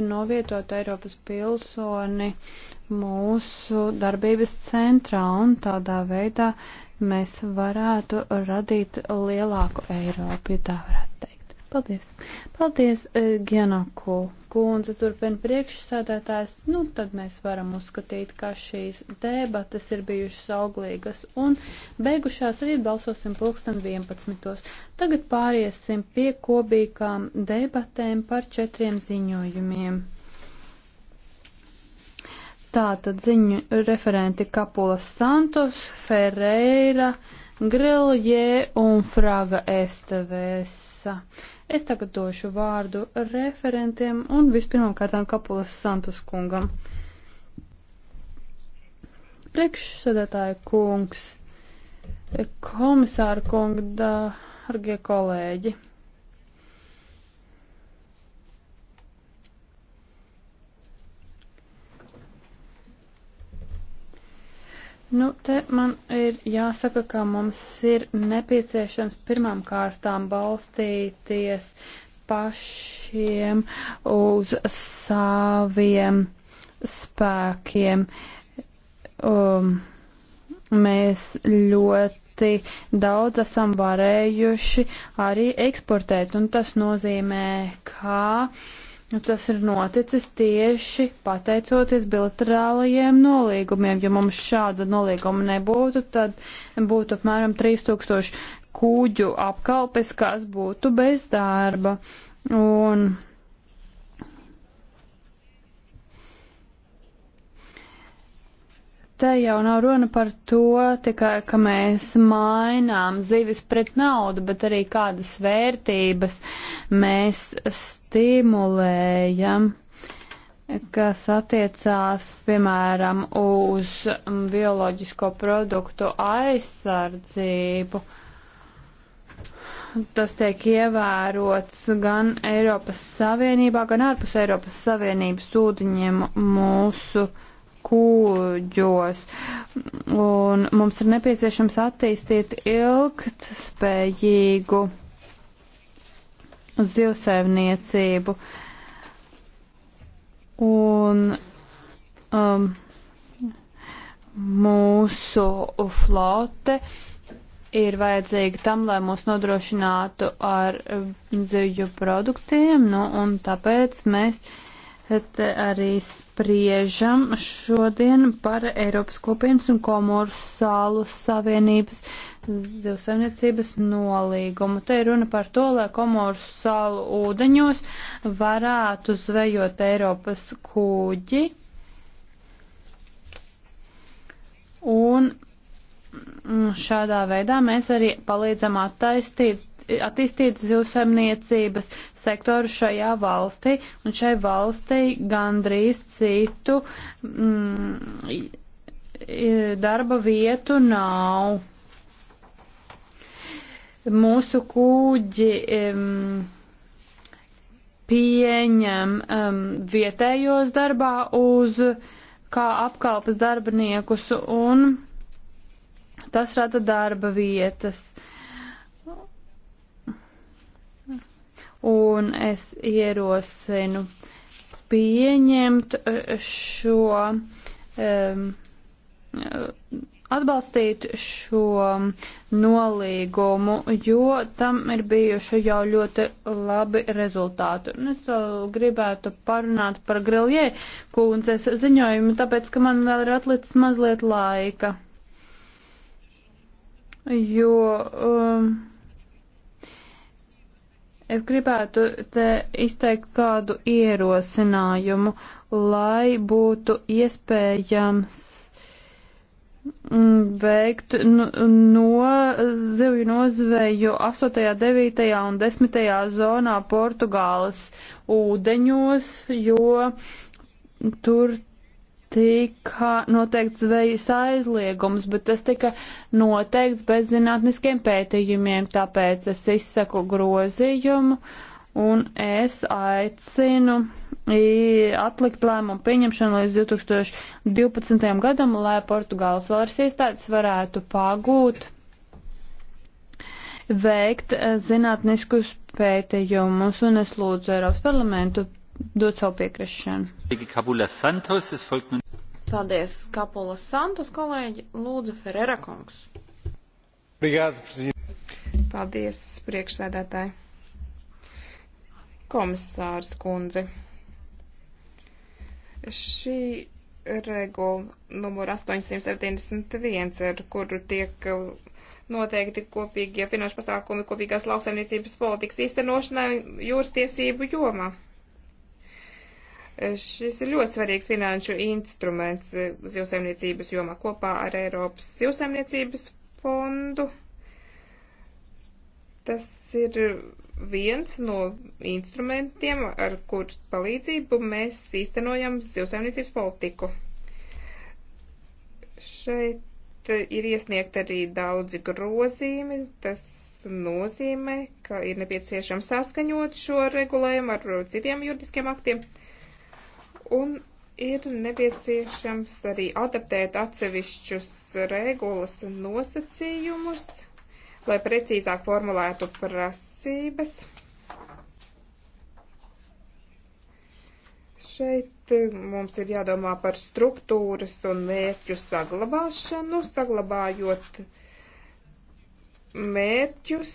un novietot Eiropas pilsoni mūsu darbības centrā, un tādā veidā mēs varētu radīt lielāku Eiropu, ja tā varētu teikt. Paldies. Paldies, eh, Gianako kundze, turpina priekšsādātājs. Nu, tad mēs varam uzskatīt, ka šīs debatas ir bijušas auglīgas un beigušās rīt balsosim pulksten 11. Tagad pāriesim pie kopīgām debatēm par četriem ziņojumiem. Tātad ziņu referenti Kapula Santos, Ferreira, Grilje un Fraga Estevēsa. Es tagad došu vārdu referentiem un vispirmām kārtām Kapulas Santus kungam. Priekšsēdētāja kungs, komisāra kunga, dārgie kolēģi. Nu, te man ir jāsaka, ka mums ir nepieciešams pirmām kārtām balstīties pašiem uz saviem spēkiem. Um, mēs ļoti daudz esam varējuši arī eksportēt, un tas nozīmē, ka uh, Nu, tas ir noticis tieši pateicoties bilaterālajiem nolīgumiem. Ja mums šāda nolīguma nebūtu, tad būtu apmēram 3000 kūģu apkalpes, kas būtu bez darba. Un Te jau nav runa par to, tikai ka mēs mainām zivis pret naudu, bet arī kādas vērtības mēs stimulējam, kas attiecās, piemēram, uz mm, bioloģisko produktu aizsardzību. Tas tiek ievērots gan Eiropas Savienībā, gan ārpus Eiropas Savienības ūdeņiem mūsu kūģos. Un mums ir nepieciešams attīstīt ilgtspējīgu zivsaimniecību. Un um, mūsu flote ir vajadzīga tam, lai mūs nodrošinātu ar zivju produktiem, nu, un tāpēc mēs tad arī spriežam šodien par Eiropas kopienas un Komoru salu savienības uh, zivsaimniecības nolīgumu. Te ir runa par to, lai Komoru salu ūdeņos varētu zvejot Eiropas kuģi. Un šādā veidā mēs arī palīdzam attaistīt attīstīt zivsaimniecības sektoru šajā valstī, un šai valstī gandrīz citu mm, darba vietu nav mūsu kūģi um, pieņem um, vietējos darbā uz kā apkalpas darbiniekus un tas rada darba vietas. Un es ierosinu pieņemt eh, šo um, atbalstīt šo nolīgumu, jo tam ir bijuši jau ļoti labi rezultāti. Un es vēl gribētu parunāt par Griljē kundzes ziņojumu, tāpēc, ka man vēl ir atlicis mazliet laika. Jo um, es gribētu te izteikt kādu ierosinājumu, lai būtu iespējams Mm, veikt nu, no zivju nozveju 8., 9. un 10. zonā Portugāles ūdeņos, jo tur tika noteikts zvejas aizliegums, bet tas tika noteikts bez zinātniskiem pētījumiem, tāpēc es izsaku grozījumu un es aicinu atlikt lēmumu pieņemšanu līdz 2012. gadam, lai Portugāles varas iestādes varētu pagūt, veikt eh, zinātniskus pētījumus, un es lūdzu Eiropas parlamentu dot savu piekrišanu. Paldies, Kapulas Santos kolēģi, lūdzu Ferrera kungs. Paldies, priekšsēdētāji. Komisārs kundze. Šī regula numur 871, ar kuru tiek noteikti kopīgie finanšu pasākumi kopīgās lauksaimniecības politikas īstenošanai jūras tiesību jomā. Šis ir ļoti svarīgs finanšu instruments zivsaimniecības jomā kopā ar Eiropas zivsaimniecības fondu. Tas ir viens no instrumentiem, ar kur palīdzību mēs īstenojam zivsaimniecības politiku. Šeit ir iesniegt arī daudzi grozīmi. Tas nozīmē, ka ir nepieciešams saskaņot šo regulējumu ar citiem juridiskiem aktiem. Un ir nepieciešams arī adaptēt atsevišķus regulas nosacījumus, lai precīzāk formulētu prasības tiesības. Šeit eh, mums ir jādomā par struktūras un mērķu saglabāšanu, saglabājot mērķus,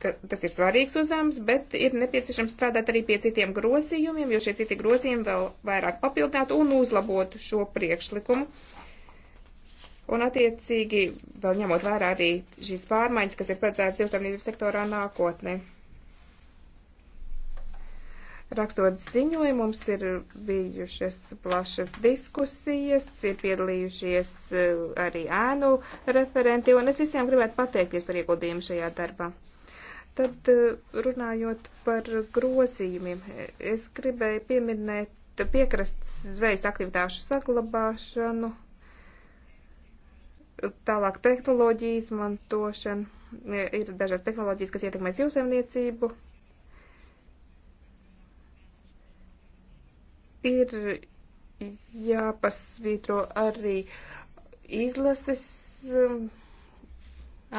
ka tas ir svarīgs uzdevums, bet ir nepieciešams strādāt arī pie citiem grozījumiem, jo šie citi grozījumi vēl vairāk papildinātu un uzlabotu šo priekšlikumu. Un, attiecīgi, vēl ņemot vērā arī šīs pārmaiņas, kas ir paredzētas zivsaimniecības sektorā nākotnē. Rakstot ziņojumu, mums ir bijušas plašas diskusijas, ir piedalījušies eh, arī ēnu referenti, un es visiem gribētu pateikties par ieguldījumu šajā darbā. Tad eh, runājot par grozījumiem, es gribēju pieminēt piekrasts zvejas aktivitāšu saglabāšanu Tālāk tehnoloģiju izmantošana. E, ir dažas tehnoloģijas, kas ietekmē dzīvesemniecību. Ir jāpasvītro arī izlases um,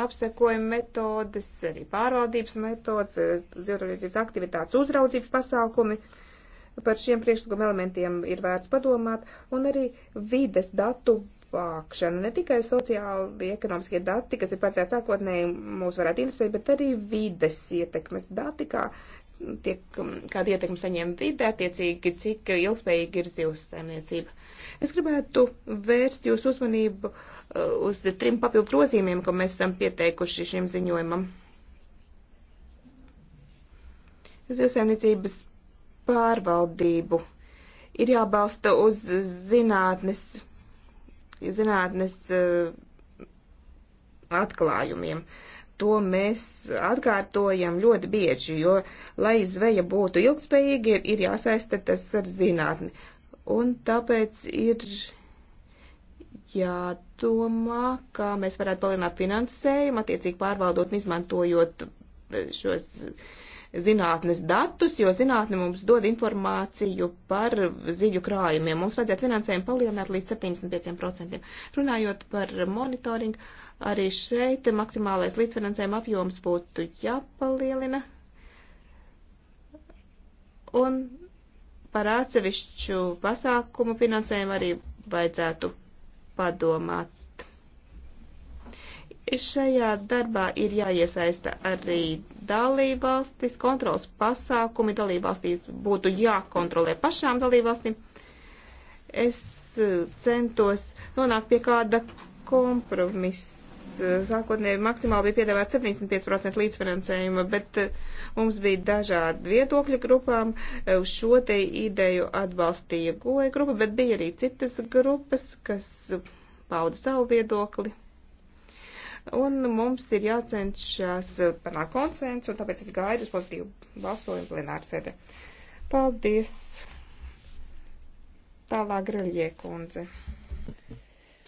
apsekojuma metodes, arī pārvaldības metodes, dzīvotājības e, aktivitātes uzraudzības pasākumi. Uh, par šiem priekšlikuma elementiem ir vērts padomāt, un arī vides datu vākšana, ne tikai sociāli ekonomiskie dati, kas ir paredzēti sākotnēji mūs varētu interesēt, bet arī vides ietekmes dati, kā tiek, kāda ietekme saņem vide, attiecīgi, cik ilgspējīgi ir zivs saimniecība. Es gribētu vērst jūsu uzmanību uh, uz trim papildu grozījumiem, ko mēs esam pieteikuši šim ziņojumam. Zivsaimniecības pārvaldību. Ir jābalsta uz zinātnes, zinātnes eh, atklājumiem. To mēs atkārtojam ļoti bieži, jo, lai zveja būtu ilgspējīga, ir, ir jāsaista tas ar zinātni. Un tāpēc ir jādomā, kā mēs varētu palielināt finansējumu, attiecīgi pārvaldot un izmantojot eh, šos uh, zinātnes datus, jo zinātne mums dod informāciju par ziļu krājumiem. Mums vajadzētu finansējumu palielināt līdz 75%. Runājot par monitoringu, arī šeit maksimālais līdzfinansējuma apjoms būtu jāpalielina. Un par atsevišķu pasākumu finansējumu arī vajadzētu padomāt Šajā darbā ir jāiesaista arī dalībvalstis, kontrols pasākumi dalībvalstīs būtu jākontrolē pašām dalībvalstīm. Es eh, centos nonākt pie kāda kompromisa. Sākotnēji maksimāli bija piedāvāts 75% līdzfinansējuma, bet eh, mums bija dažādi viedokļi grupām. Eh, šo te ideju atbalstīja goja grupa, bet bija arī citas grupas, kas pauda savu viedokli un mums ir jācenšas panākt konsensu, un tāpēc es gaidu uz pozitīvu balsojumu plenārsēdē. Paldies! Tālāk Grelie kundze.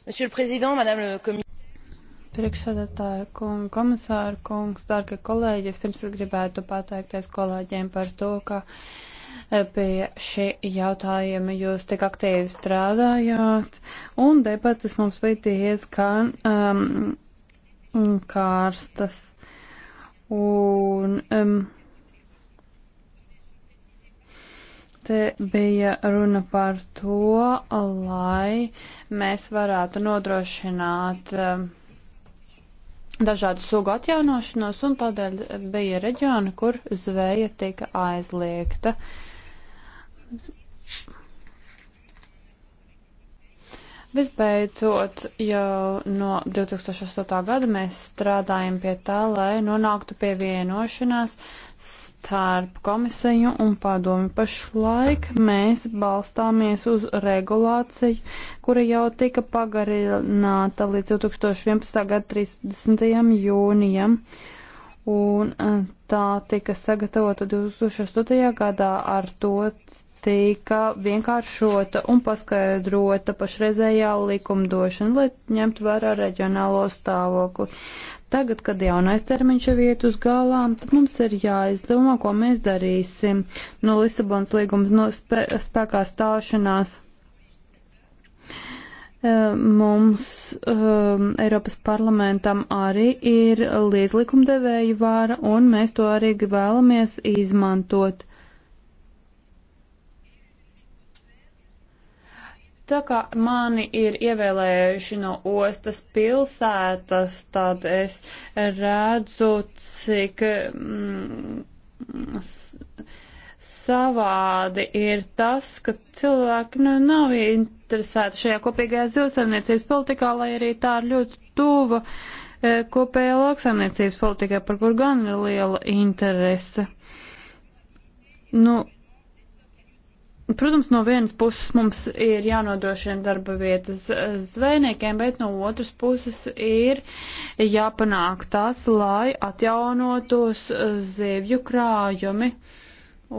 Monsieur le Président, Madame le Commissaire. Priekšsēdētāja kunga, komisāra kungs, dārgie kolēģi, es pirms es gribētu pateikties kolēģiem par to, ka e, pie šī jautājuma jūs tik aktīvi strādājāt, un debatas mums bija diezgan um, kārstas. Un um, te bija runa par to, lai mēs varētu nodrošināt um, dažādu sugu atjaunošanos, un tādēļ bija reģioni, kur zveja tika aizliegta. Visbeidzot, jau no 2008. gada mēs strādājam pie tā, lai nonāktu pie vienošanās starp komisiju un padomi. Pašlaik mēs balstāmies uz regulāciju, kura jau tika pagarināta līdz 2011. gada 30. jūnijam. Un eh, tā tika sagatavota 2008. gadā ar to tika vienkāršota un paskaidrota pašreizējā likumdošana, lai ņemtu vērā reģionālo stāvokli. Tagad, kad jaunais termiņš ir viet uz galām, tad mums ir jāizdomā, ko mēs darīsim no Lisabonas līgums no spē spēkā stāšanās. Eh, mums um, Eiropas parlamentam arī ir līdzlikumdevēju vāra, un mēs to arī vēlamies izmantot. Tā kā mani ir ievēlējuši no ostas pilsētas, tad es redzu, cik mm, savādi ir tas, ka cilvēki nu, nav interesēti šajā kopīgajā zivsaimniecības politikā, lai arī tā ir ļoti tuva e, kopējā lauksaimniecības politikā, par kur gan ir liela interese. Nu, Protams, no vienas puses mums ir jānodrošina darba vietas zvejniekiem, bet no otras puses ir jāpanāk tas, lai atjaunotos zivju krājumi.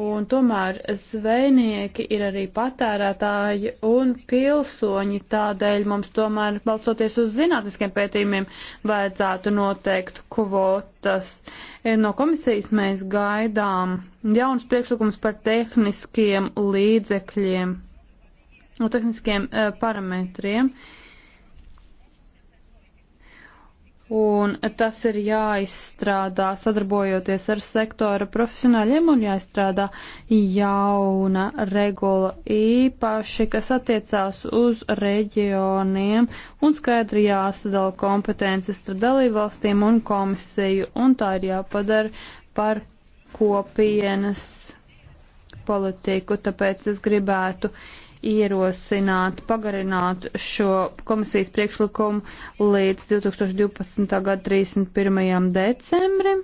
Un tomēr zvejnieki ir arī patērētāji un pilsoņi, tādēļ mums tomēr, balsoties uz zinātniskiem pētījumiem, vajadzētu noteikt kvotas. Uh, No komisijas mēs gaidām jaunas priekšlikumus par tehniskiem līdzekļiem, tehniskiem eh, parametriem. Uh, un tas ir jāizstrādā sadarbojoties ar sektora profesionāļiem un jāizstrādā jauna regula īpaši, kas attiecās uz reģioniem un skaidri jāsadala kompetences starp dalībvalstīm un komisiju un tā ir jāpadara par kopienas politiku, tāpēc es gribētu uh, ierosināt, pagarināt šo komisijas priekšlikumu līdz 2012. gada 31. decembrim.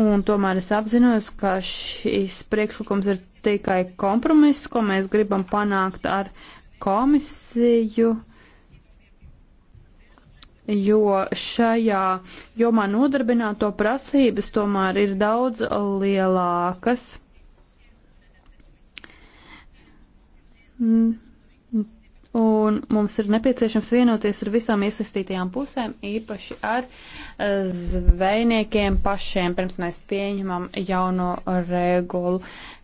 Un tomēr es apzinos, ka šis priekšlikums ir tikai kompromiss, ko mēs gribam panākt ar komisiju jo šajā jomā nodarbināto prasības tomēr ir daudz lielākas. Mm. Un mums ir nepieciešams vienoties ar visām iesaistītajām pusēm, īpaši ar eh, zvejniekiem pašiem, pirms mēs pieņemam jauno regulu.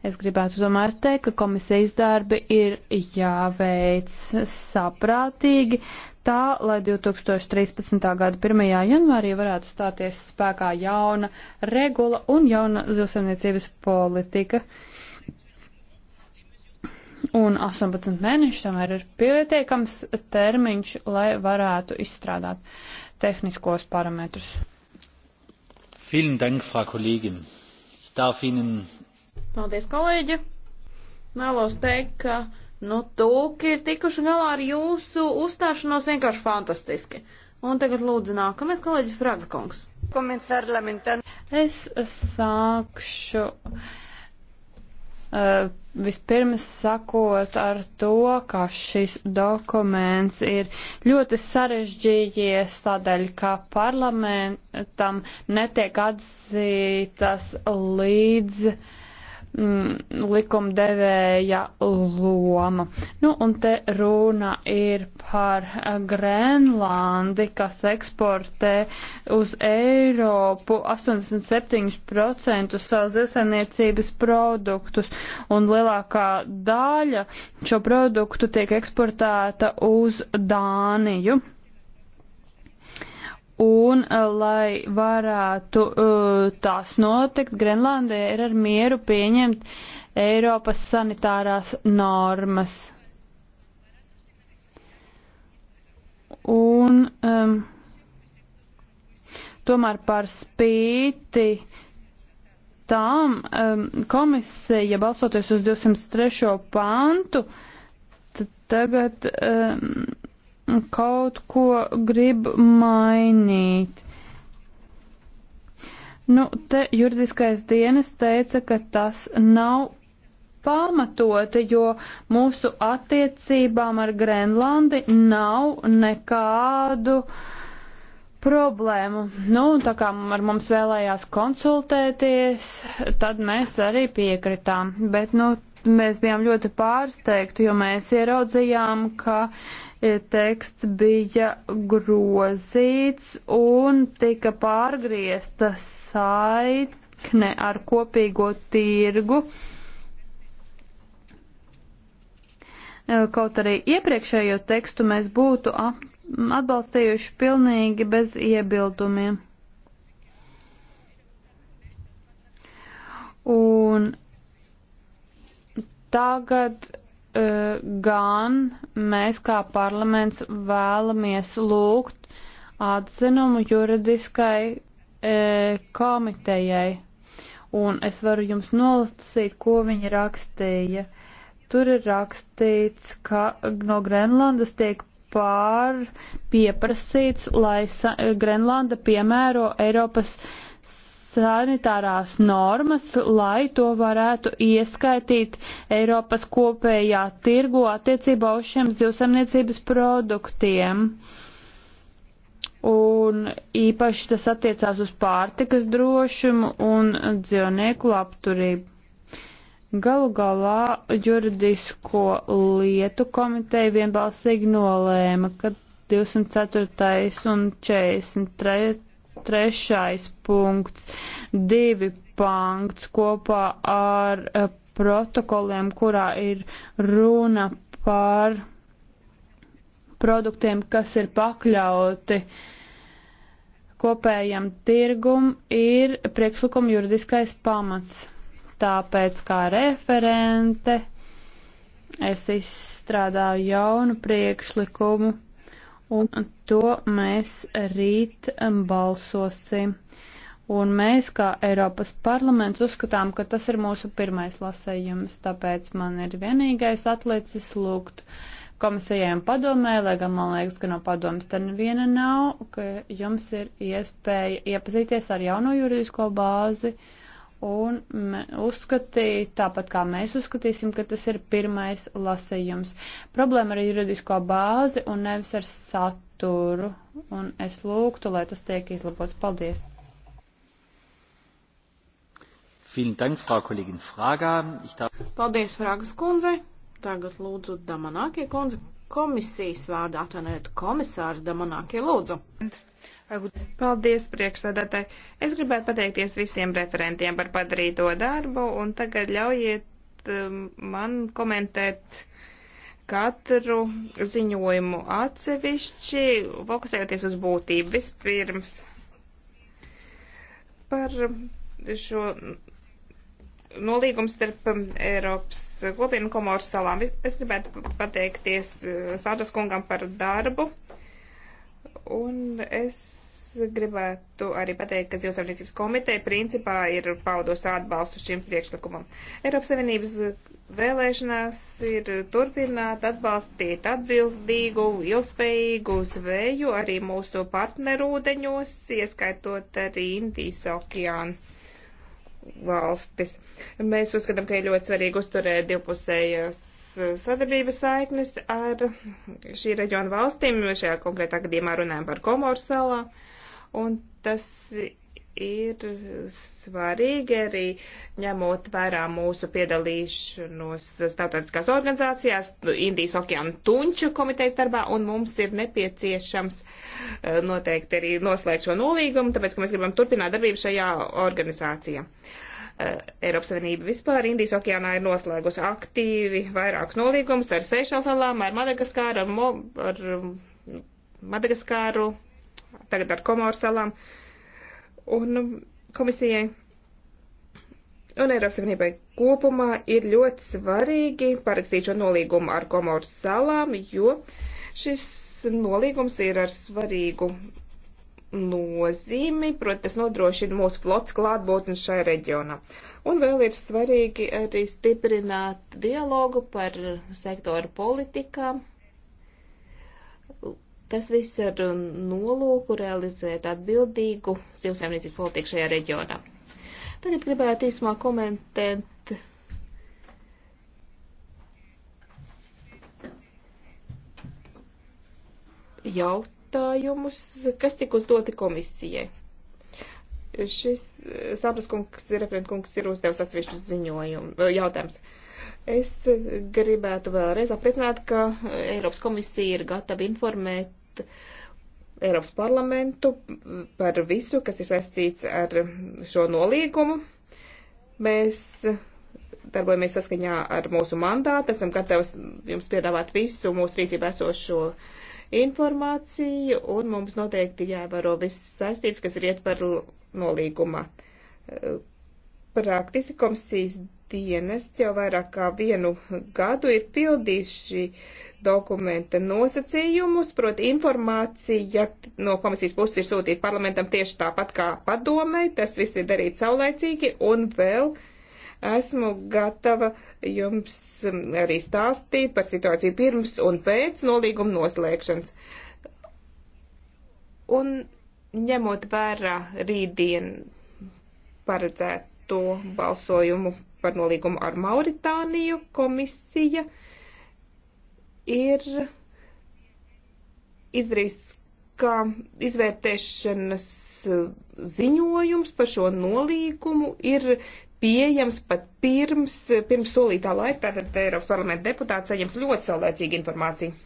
Es gribētu tomēr teikt, ka komisijas darbi ir jāveic saprātīgi, tā, lai 2013. gada 1. janvārī varētu stāties spēkā jauna regula un jauna zivsaimniecības politika. Uh, un 18 mēneši tomēr ir pietiekams termiņš, lai varētu izstrādāt tehniskos parametrus. Vielen Dank, Frau Kollegin. Ich darf Ihnen. Paldies, kolēģi. Vēlos teikt, ka, nu, tulki ir tikuši galā ar jūsu uzstāšanos vienkārši fantastiski. Un tagad lūdzu nākamais kolēģis Fraga kungs. Es sākšu. Uh, Vispirms sakot ar to, ka šis dokuments ir ļoti sarežģījies tādēļ, ka parlamentam netiek atzītas līdz uh, mm, likumdevēja loma. Nu, un te runa ir par eh, Grenlandi, kas eksportē uz Eiropu 87% savas zesaniecības produktus, un lielākā daļa šo produktu tiek eksportēta uz Dāniju. Un, eh, lai varētu eh, tās notikt, Grenlandē ir ar mieru pieņemt Eiropas sanitārās normas. Un um, tomēr par spīti tām um, komisija, balsoties uz 203. pantu, tagad um, kaut ko grib mainīt. Nu, te juridiskais dienas teica, ka tas nav pamatoti, jo mūsu attiecībām ar Grenlandi nav nekādu problēmu. Nu, tā kā ar mums vēlējās konsultēties, tad mēs arī piekritām. Bet, nu, mēs bijām ļoti pārsteigti, jo mēs ieraudzījām, ka teksts bija grozīts un tika pārgriezta saikne ar kopīgo tirgu. Kaut arī iepriekšējo tekstu mēs būtu atbalstījuši pilnīgi bez iebildumiem. Un tagad gan mēs kā parlaments vēlamies lūgt atzinumu juridiskai e, komitejai. Un es varu jums nolasīt, ko viņi rakstīja. Tur ir rakstīts, ka no Grenlandas tiek pār pieprasīts, lai Grenlanda piemēro Eiropas uh, sanitārās normas, lai to varētu ieskaitīt Eiropas kopējā tirgu attiecībā uz šiem zivsaimniecības produktiem. Un īpaši tas attiecās uz pārtikas drošumu un dzīvnieku labturību. Galu galā juridisko lietu komiteja vienbalsīgi nolēma, ka 204. un 43. Trešais punkts, divi punkts kopā ar eh, protokoliem, kurā ir runa par produktiem, kas ir pakļauti kopējam tirgum, ir priekšlikuma juridiskais pamats. Tāpēc kā referente es izstrādāju jaunu priekšlikumu un to mēs rīt um, balsosim. Un mēs, kā Eiropas parlaments, uzskatām, ka tas ir mūsu pirmais lasējums, tāpēc man ir vienīgais atlicis lūgt komisijai un padomē, lai gan man liekas, ka no padomas te neviena nav, ka jums ir iespēja iepazīties ar jauno juridisko bāzi. Uh, un uzskatīja, tāpat kā mēs uzskatīsim, ka tas ir pirmais lasījums. Problēma ar juridisko bāzi un nevis ar saturu, un es lūgtu, lai tas tiek izlabots. Paldies! Dank, Frau darf... Paldies, Frāgas kundzei! Tagad lūdzu Damanākie kundze komisijas vārdā, atvainojiet komisāru Damanākie lūdzu. Paldies, priekšsēdētāji. Es gribētu pateikties visiem referentiem par padarīto darbu, un tagad ļaujiet um, man komentēt katru ziņojumu atsevišķi, fokusējoties uz būtību. Vispirms par šo nolīgums starp Eiropas kopienu komoru salām. Es gribētu pateikties uh, Sādas kungam par darbu, un es gribētu arī pateikt, ka Zilsaimniecības komiteja principā ir paudos atbalstu šim priekšlikumam. Eiropas Savienības vēlēšanās ir turpināt atbalstīt atbildīgu, ilgspējīgu zveju arī mūsu partnerūdeņos, ieskaitot arī Indijas okeānu valstis. Mēs uzskatām, ka ir ļoti svarīgi uzturēt divpusējās sadarbības saiknes ar šī reģiona valstīm, jo šajā konkrētā gadījumā runājam par Komoru salām un tas ir svarīgi arī ņemot vērā mūsu piedalīšanos starptautiskās organizācijās, nu, Indijas okeāna tunča komitejas darbā, un mums ir nepieciešams eh, noteikti arī noslēgt šo nolīgumu, tāpēc, ka mēs gribam turpināt darbību šajā organizācijā. Eh, Eiropas Savienība vispār Indijas okeānā ir noslēgusi aktīvi vairākus nolīgumus ar Seišelsalām, ar Madagaskāru, ar, Mo, ar mm, Madagaskāru, tagad ar Komoru salām, un nu, komisijai un Eiropas Savienībai kopumā ir ļoti svarīgi parakstīt šo nolīgumu ar Komoru salām, jo šis nolīgums ir ar svarīgu nozīmi, proti tas nodrošina mūsu flots klātbūtni šai reģionā. Un vēl ir svarīgi arī stiprināt dialogu par sektoru politikām Tas viss ar um, nolūku realizēt atbildīgu zivsaimniecības politiku šajā reģionā. Tagad gribētu īsumā komentēt jautājumus, kas tika uzdoti komisijai. Šis eh, Sabras kungs, referent kungs, ir uzdevis atsevišķus ziņojumus, eh, jautājumus. Es gribētu vēlreiz apliecināt, ka Eiropas komisija ir gatava informēt Eiropas parlamentu par visu, kas ir saistīts ar šo nolīgumu. Mēs darbojamies saskaņā ar mūsu mandātu, esam gatavs jums piedāvāt visu mūsu rīcībā esošo informāciju, un mums noteikti jāievēro viss saistīts, kas ir ietver nolīgumā. Praktiski komisijas dienests jau vairāk kā vienu gadu ir pildījis šī dokumenta nosacījumus, proti informācija no komisijas puses ir sūtīta parlamentam tieši tāpat kā padomē, tas viss ir darīts saulēcīgi un vēl esmu gatava jums arī stāstīt par situāciju pirms un pēc nolīguma noslēgšanas. Un ņemot vērā rītdien paredzēto balsojumu par nolīgumu ar Mauritāniju komisija ir izdarījusi kā izvērtēšanas ziņojums par šo nolīgumu ir pieejams pat pirms, pirms solītā laika, tātad Eiropas parlamenta deputāts saņems ļoti saulēcīgu informāciju.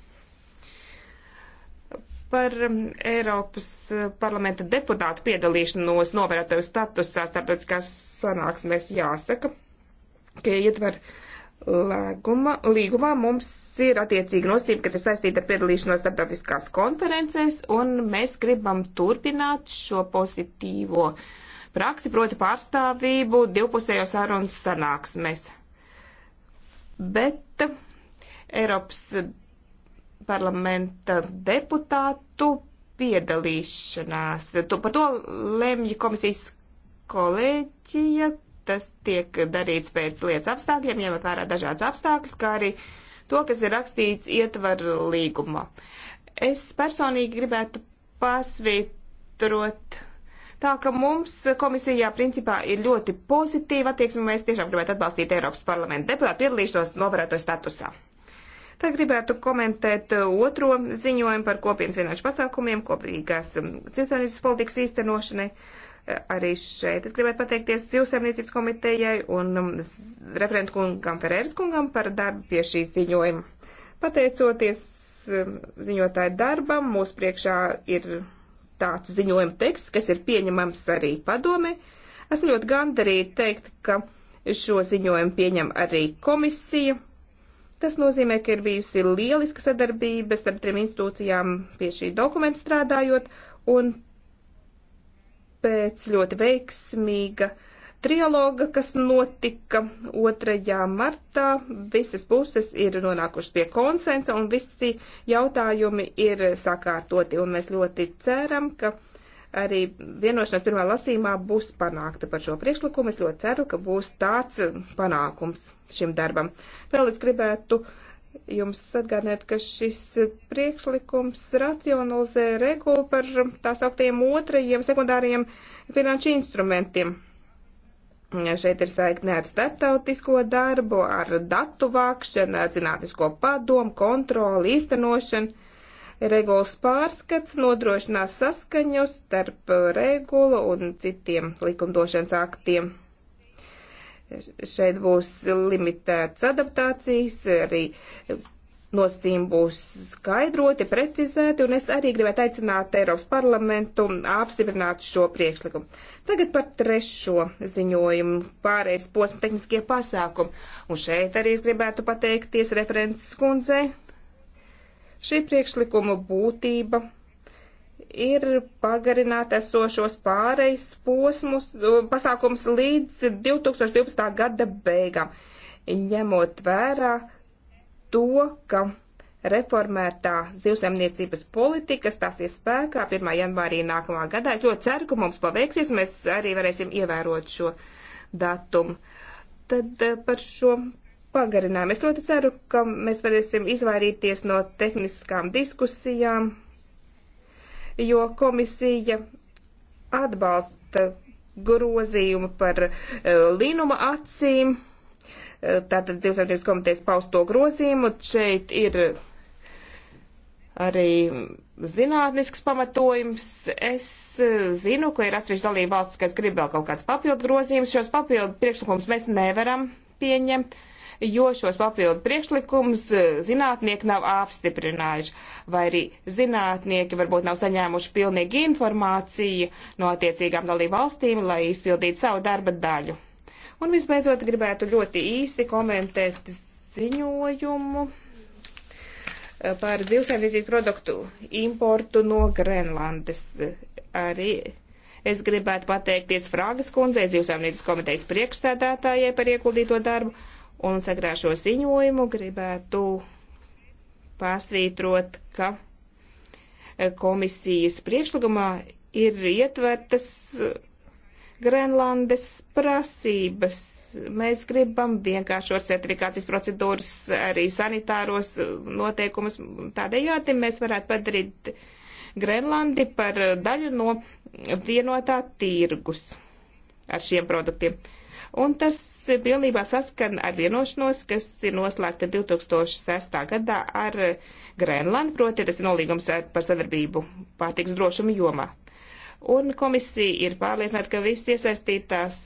Par um, Eiropas uh, parlamenta deputātu piedalīšanos novērotāju statusā starptautiskās sanāksmēs jāsaka, ka ietver lēguma, līgumā mums ir attiecīga nostība, ka tas saistīta ar piedalīšanos starptautiskās konferencēs, un mēs gribam turpināt šo pozitīvo praksi, proti pārstāvību divpusējo sarunu sanāksmēs. Bet Eiropas parlamenta deputātu piedalīšanās, to, par to lemj komisijas kolēģija, tas tiek darīts pēc lietas apstākļiem, ņemot vērā dažādas apstākļas, kā arī to, kas ir rakstīts ietvaru līgumā. Es personīgi gribētu pasvītrot tā, ka mums komisijā principā ir ļoti pozitīva attieksme, mēs tiešām gribētu atbalstīt Eiropas parlamentu deputātu piedalīšanos novērēto statusā. Tad gribētu komentēt otro ziņojumu par kopienas vienošu pasākumiem, kopīgās mm, cienstības politikas īstenošanai. Uh, arī šeit. Es gribētu pateikties dzīvsaimniecības komitejai un um, referentu kungam Ferēras kungam par darbu pie šī ziņojuma. Pateicoties um, ziņotāju darbam, mūsu priekšā ir tāds ziņojuma teksts, kas ir pieņemams arī padome. Esmu ļoti gandarīti teikt, ka šo ziņojumu pieņem arī komisija. Tas nozīmē, ka ir bijusi lieliska sadarbība starp trim institūcijām pie šī dokumenta strādājot, un pēc ļoti veiksmīga trialoga, kas notika 2. martā. Visas puses ir nonākušas pie konsensa un visi jautājumi ir sakārtoti. Un mēs ļoti ceram, ka arī vienošanās pirmā lasīmā būs panākta par šo priekšlikumu. Es ļoti ceru, ka būs tāds panākums šim darbam. Vēl es gribētu jums atgādināt, ka šis priekšlikums racionalizē regulu par tās augtajiem otrajiem sekundāriem finanšu instrumentiem. Šeit ir saikne ar starptautisko darbu, ar datu vākšanu, ar zinātnisko padomu, kontroli, īstenošanu. Regulas pārskats nodrošinās saskaņu starp regulu un citiem likumdošanas aktiem. Šeit būs limitēts adaptācijas, arī nosacījumi būs skaidroti, precizēti, un es arī gribētu aicināt Eiropas parlamentu apstiprināt šo priekšlikumu. Tagad par trešo ziņojumu pārējais posma tehniskie pasākumi. Un šeit arī es gribētu pateikties referents skundzei. Šī priekšlikuma būtība ir pagarināt esošos pārejas posmus, pasākums līdz 2012. gada beigām, ņemot vērā to, ka reformētā zivsemniecības politika stāsies spēkā 1. janvārī nākamā gadā. Es ļoti ceru, ka mums paveiksies, mēs arī varēsim ievērot šo datumu. Tad eh, par šo pagarinājumu. Es ļoti ceru, ka mēs varēsim izvairīties no tehniskām diskusijām jo komisija atbalsta grozījumu par e, līnuma acīm, e, tātad dzīvesaimniecības komitejas pausto grozījumu. Šeit ir arī zinātnisks pamatojums. Es e, zinu, ka ir atsevišķi dalība valsts, kas grib vēl kaut kāds papildu grozījums. Šos papildu priekšlikumus mēs nevaram pieņemt. Uh, jo šos papildu priekšlikumus eh, zinātnieki nav apstiprinājuši, vai arī zinātnieki varbūt nav saņēmuši pilnīgi informāciju no attiecīgām dalību valstīm, lai izpildītu savu darba daļu. Un visbeidzot gribētu ļoti īsi komentēt ziņojumu eh, par dzīvesaimniecību produktu importu no Grenlandes. Arī es gribētu pateikties Frāgas kundzei, dzīvesaimniecības komitejas priekšstādātājai par ieguldīto darbu. Un sakrā šo ziņojumu gribētu pārsvītrot, ka eh, komisijas priekšlikumā ir ietvertas eh, Grenlandes prasības. Mēs gribam vienkāršot certifikācijas procedūras, arī sanitāros eh, noteikumus. Tādējādi mēs varētu padarīt Grenlandi par daļu no vienotā tirgus ar šiem produktiem un tas pilnībā saskan ar vienošanos, kas ir noslēgta 2006. gadā ar Grenlandu, proti tas ir nolīgums par sadarbību pārtiks drošumu jomā. Un komisija ir pārliecināta, ka visas iesaistītās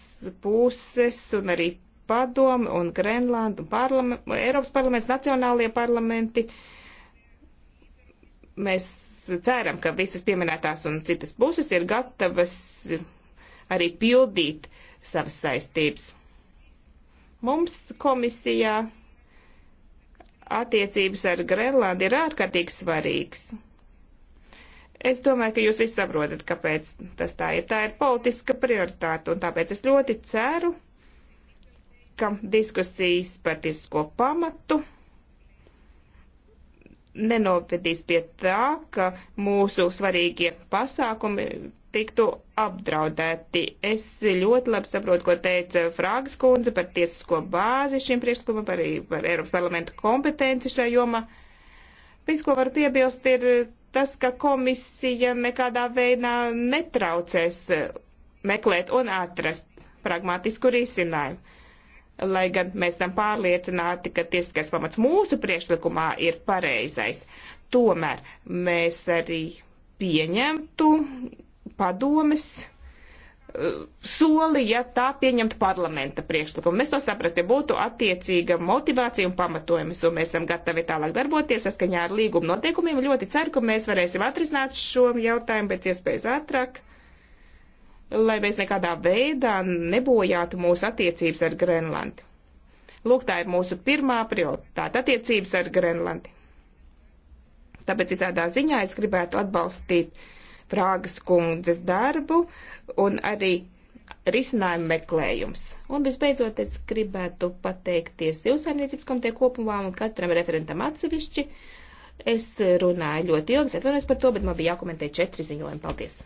puses un arī padomi un Grenlandu un parlament, Eiropas parlaments, nacionālie parlamenti, mēs ceram, ka visas pieminētās un citas puses ir gatavas arī pildīt uh, savas saistības. Mums komisijā attiecības ar Grenlandi ir ārkārtīgi svarīgs. Es domāju, ka jūs visi saprotat, kāpēc tas tā ir. Tā ir politiska prioritāte, un tāpēc es ļoti ceru, ka diskusijas par tiesisko pamatu nenovedīs pie tā, ka mūsu svarīgie pasākumi tiktu apdraudēti. Es ļoti labi saprotu, ko teica Frāgas kundze par tiesisko bāzi šim priekšlikumam, par, par Eiropas parlamentu kompetenci šajā jomā. Viss, ko var piebilst, ir tas, ka komisija nekādā veidā netraucēs meklēt un atrast pragmatisku risinājumu. Lai gan mēs esam pārliecināti, ka tiesiskais pamats mūsu priekšlikumā ir pareizais, tomēr mēs arī pieņemtu padomes eh, soli, ja tā pieņemtu parlamenta priekšlikumu. Mēs to saprast, ja būtu attiecīga motivācija un pamatojums, un mēs esam gatavi tālāk darboties saskaņā ar līguma noteikumiem. Ļoti ceru, ka mēs varēsim atrisināt šo jautājumu pēc iespējas ātrāk, lai mēs nekādā veidā nebojātu mūsu attiecības ar Grenlandi. Lūk, tā ir mūsu pirmā prioritāte - attiecības ar Grenlandi. Tāpēc visādā ziņā es gribētu atbalstīt Prāgas kundzes darbu un arī risinājumu meklējums. Un visbeidzot, es gribētu pateikties Zivsaimniecības komitē kopumā un katram referentam atsevišķi. Es runāju ļoti ilgi, es atvainojos par to, bet man bija jākomentē četri ziņojumi. Paldies!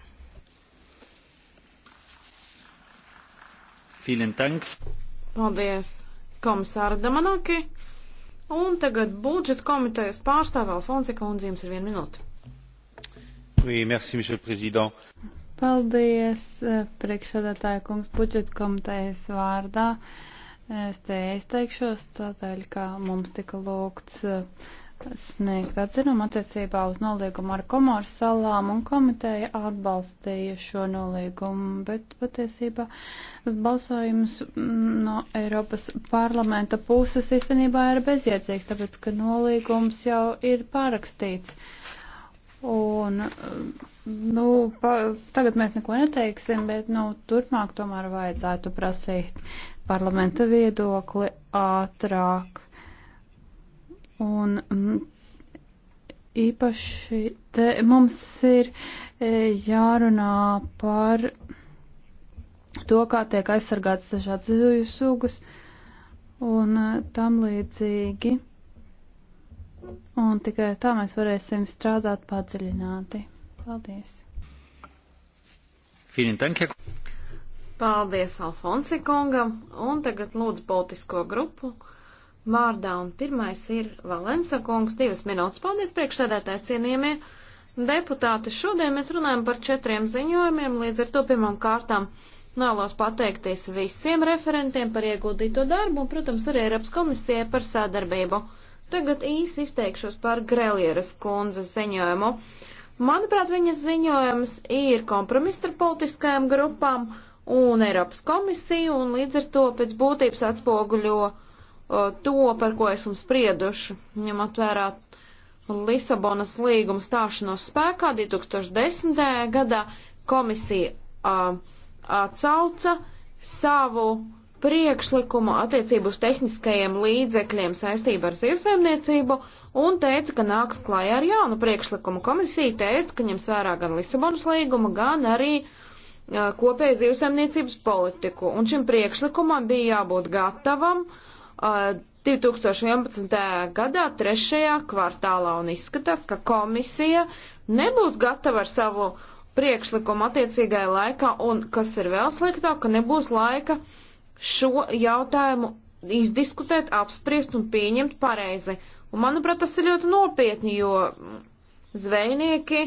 Paldies, komisāra Damanaki! Un tagad budžeta komitejas pārstāvē Alfonsika un Zīmes ir viena minūte. Oui, merci, monsieur le président. Paldies, eh, priekšsēdētāja kungs, budžeta komitejas vārdā. Es te izteikšos, tādēļ, ka mums tika lūgts eh, sniegt atzinumu attiecībā uz nolīgumu ar Komoru salām, un komiteja atbalstīja šo nolīgumu, bet patiesībā balsojums mm, no Eiropas parlamenta puses īstenībā ir bezjēdzīgs, tāpēc, ka nolīgums jau ir pārakstīts. Un, eh, nu, pa, tagad mēs neko neteiksim, bet, nu, turpmāk tomēr vajadzētu prasīt parlamenta viedokli ātrāk. Un mm, īpaši te mums ir eh, jārunā par to, kā tiek aizsargātas dažādas zivju sugas un eh, tam līdzīgi. Un tikai tā mēs varēsim strādāt padziļināti. Paldies! Paldies Alfonsi kungam, un tagad lūdzu politisko grupu vārdā, un pirmais ir Valensa kungs, divas minūtes. Paldies priekšsēdētāji cienījamie deputāti. Šodien mēs runājam par četriem ziņojumiem, līdz ar to pirmām kārtām vēlos pateikties visiem referentiem par ieguldīto darbu, un, protams, arī Eiropas komisijai par sadarbību. Tagad īsi izteikšos par Grelieras kundzes ziņojumu. Manuprāt, viņas ziņojums ir kompromiss ar politiskajām grupām un Eiropas komisiju, un līdz ar to pēc būtības atspoguļo uh, to, par ko esam sprieduši, ņemot vērā Lisabonas līguma stāšanos spēkā 2010. gadā komisija uh, atsauca savu uh, priekšlikumu attiecību uz tehniskajiem līdzekļiem saistībā ar zivsaimniecību un teica, ka nāks klājā ar jaunu priekšlikumu. Komisija teica, ka ņems vērā gan Lisabonas līgumu, gan arī uh, kopēju zivsaimniecības politiku. Un šim priekšlikumam bija jābūt gatavam uh, 2011. gadā trešajā kvartālā un izskatās, ka komisija nebūs gatava ar savu priekšlikumu attiecīgai laikā un, kas ir vēl sliktāk, ka nebūs laika uh, šo jautājumu izdiskutēt, apspriest un pieņemt pareizi. Un, manuprāt, tas ir ļoti nopietni, jo zvejnieki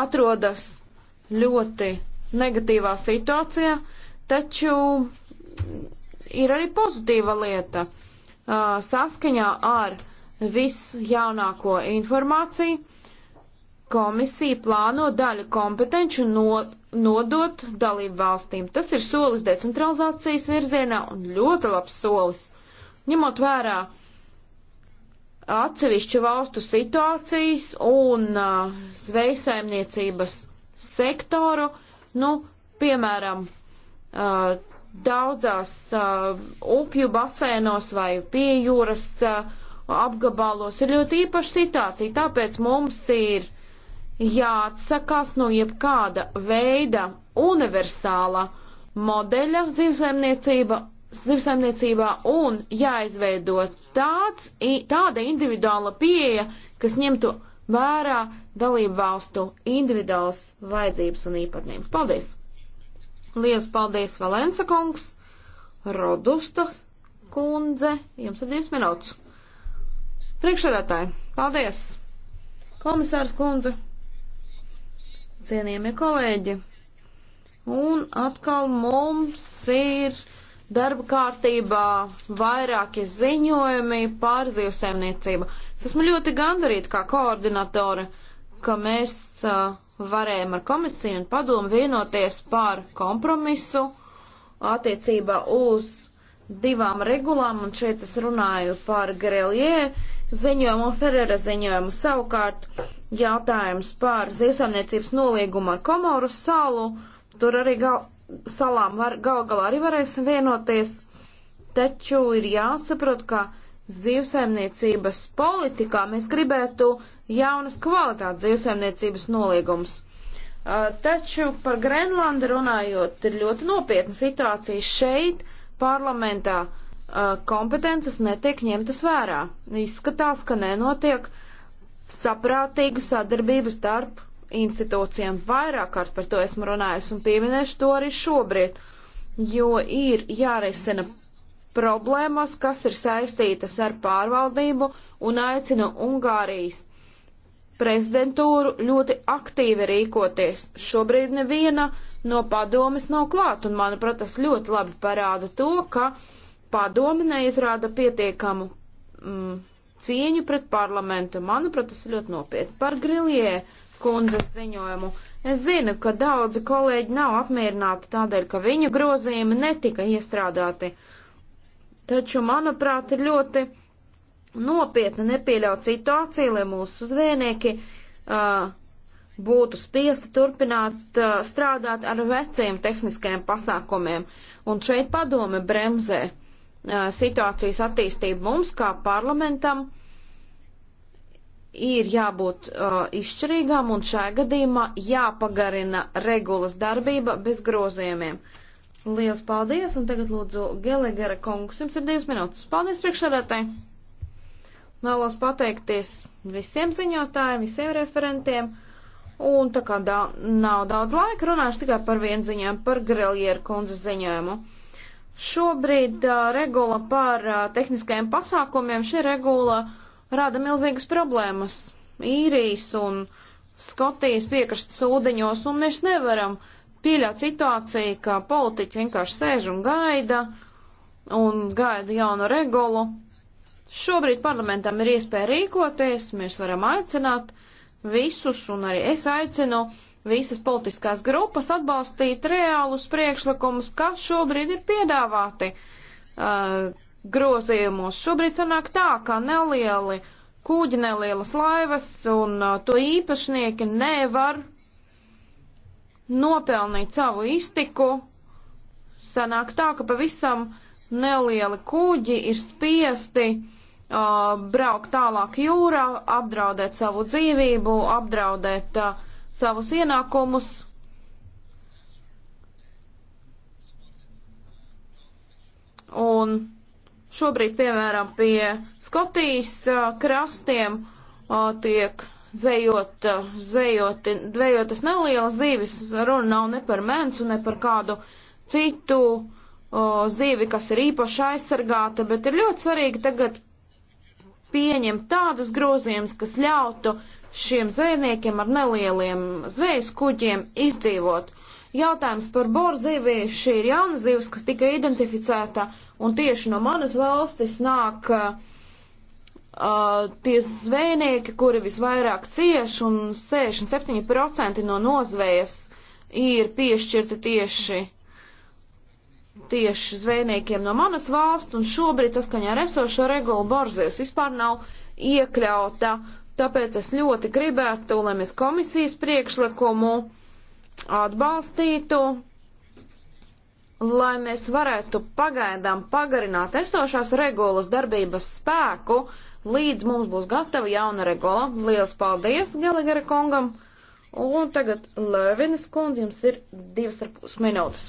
atrodas ļoti negatīvā situācijā, taču ir arī pozitīva lieta. Saskaņā ar visjaunāko informāciju Komisija plāno daļu kompetenču no, nodot dalību valstīm. Tas ir solis decentralizācijas virzienā un ļoti labs solis. Ņemot vērā atsevišķu valstu situācijas un uh, zvejsaimniecības sektoru, nu, piemēram, uh, daudzās uh, upju basēnos vai pie jūras uh, apgabalos ir ļoti īpaša situācija, tāpēc mums ir jāatsakās no jebkāda veida universāla modeļa zivsaimniecība, zivsaimniecībā un jāizveido tāds, tāda individuāla pieeja, kas ņemtu vērā dalību valstu individuālas vajadzības un īpatnības. Paldies! Lielas paldies, Valensa kungs, Rodusta kundze, jums ir divas minūtes. Priekšsēdētāji, paldies! Komisārs kundze! cienījamie kolēģi. Un atkal mums ir darba kārtībā vairāki ziņojumi par zivsēmniecību. Es esmu ļoti gandarīta kā koordinatore, ka mēs uh, varējām ar komisiju un padomu vienoties par kompromisu attiecībā uz divām regulām, un šeit es runāju par Grelie ziņojumu un Ferrera ziņojumu. Savukārt jautājums par zivsaimniecības nolīgumu ar Komoru salu. Tur arī gal, salām var, gal galā arī varēsim vienoties, taču ir jāsaprot, ka zivsaimniecības politikā mēs gribētu jaunas kvalitātes zivsaimniecības nolīgumus. Uh, taču par Grenlandi runājot, ir ļoti nopietna situācija šeit, parlamentā. Uh, kompetences netiek ņemtas vērā. Izskatās, ka nenotiek uh, saprātīgu sadarbību starp institūcijām. Vairāk kārt par to esmu runājis un pieminēšu to arī šobrīd, jo ir jārisina problēmas, kas ir saistītas ar pārvaldību un aicinu Ungārijas prezidentūru ļoti aktīvi rīkoties. Šobrīd neviena no padomes nav klāt, un manuprāt, tas ļoti labi parāda to, ka padome neizrāda pietiekamu mm, cieņu pret parlamentu. Manuprāt, tas ir ļoti nopietni. Par Grilie kundzes ziņojumu. Es zinu, ka daudzi kolēģi nav apmierināti tādēļ, ka viņu grozījumi netika iestrādāti. Taču, manuprāt, ir ļoti nopietni nepieļaut situāciju, lai mūsu zvejnieki uh, būtu spiesti turpināt uh, strādāt ar veciem tehniskajiem pasākumiem. Un šeit padome bremzē situācijas attīstību mums, kā parlamentam, ir jābūt uh, izšķirīgām un šajā gadījumā jāpagarina regulas darbība bez grozījumiem. Lielas paldies, un tagad lūdzu Gelegera kungs, jums ir divas minūtes. Paldies priekšsēdētāji! Vēlos pateikties visiem ziņotājiem, visiem referentiem, un tā kā da nav daudz laika, runāšu tikai par vienu ziņojumu, par Greljeru kundzes ziņojumu. Uh, Šobrīd uh, regula par uh, tehniskajiem pasākumiem, šī regula rada milzīgas problēmas īrijas un Skotijas piekrastes ūdeņos, un mēs nevaram pieļaut situāciju, ka politiķi vienkārši sēž un gaida, un gaida jaunu regulu. Šobrīd parlamentam ir iespēja rīkoties, mēs varam aicināt visus, un arī es aicinu uh, visas politiskās grupas atbalstīt reālus priekšlikumus, kas šobrīd ir piedāvāti uh, grozījumos. Šobrīd sanāk tā, ka nelieli kuģi, nelielas laivas un uh, to īpašnieki nevar nopelnīt savu iztiku. Sanāk tā, ka pavisam nelieli kuģi ir spiesti uh, braukt tālāk jūrā, apdraudēt savu dzīvību, apdraudēt uh, savus ienākumus. Un šobrīd, piemēram, pie Skotijas krastiem tiek zvejot, zvejot, dvejotas nelielas zīves. Runa nav ne par mensu, ne par kādu citu zīvi, kas ir īpaši aizsargāta, bet ir ļoti svarīgi tagad pieņemt tādus grozījumus, kas ļautu uh, šiem zvejniekiem ar nelieliem zvejas kuģiem izdzīvot. Jautājums par borzīvi, šī ir jauna zīves, kas tika identificēta, un tieši no manas valstis nāk uh, uh tie zvejnieki, kuri visvairāk cieš, un 67% no nozvejas ir piešķirti tieši tieši zvejniekiem no manas valsts, un šobrīd saskaņā ar esošo regulu Borzēs vispār nav iekļauta Tāpēc es ļoti gribētu, lai mēs komisijas priekšlikumu atbalstītu, lai mēs varētu pagaidām pagarināt esošās regulas darbības spēku, līdz mums būs gatava jauna regula. Lielas paldies Gelegara kungam! Un tagad Lēvinas kundze jums ir divas ar pus minūtes.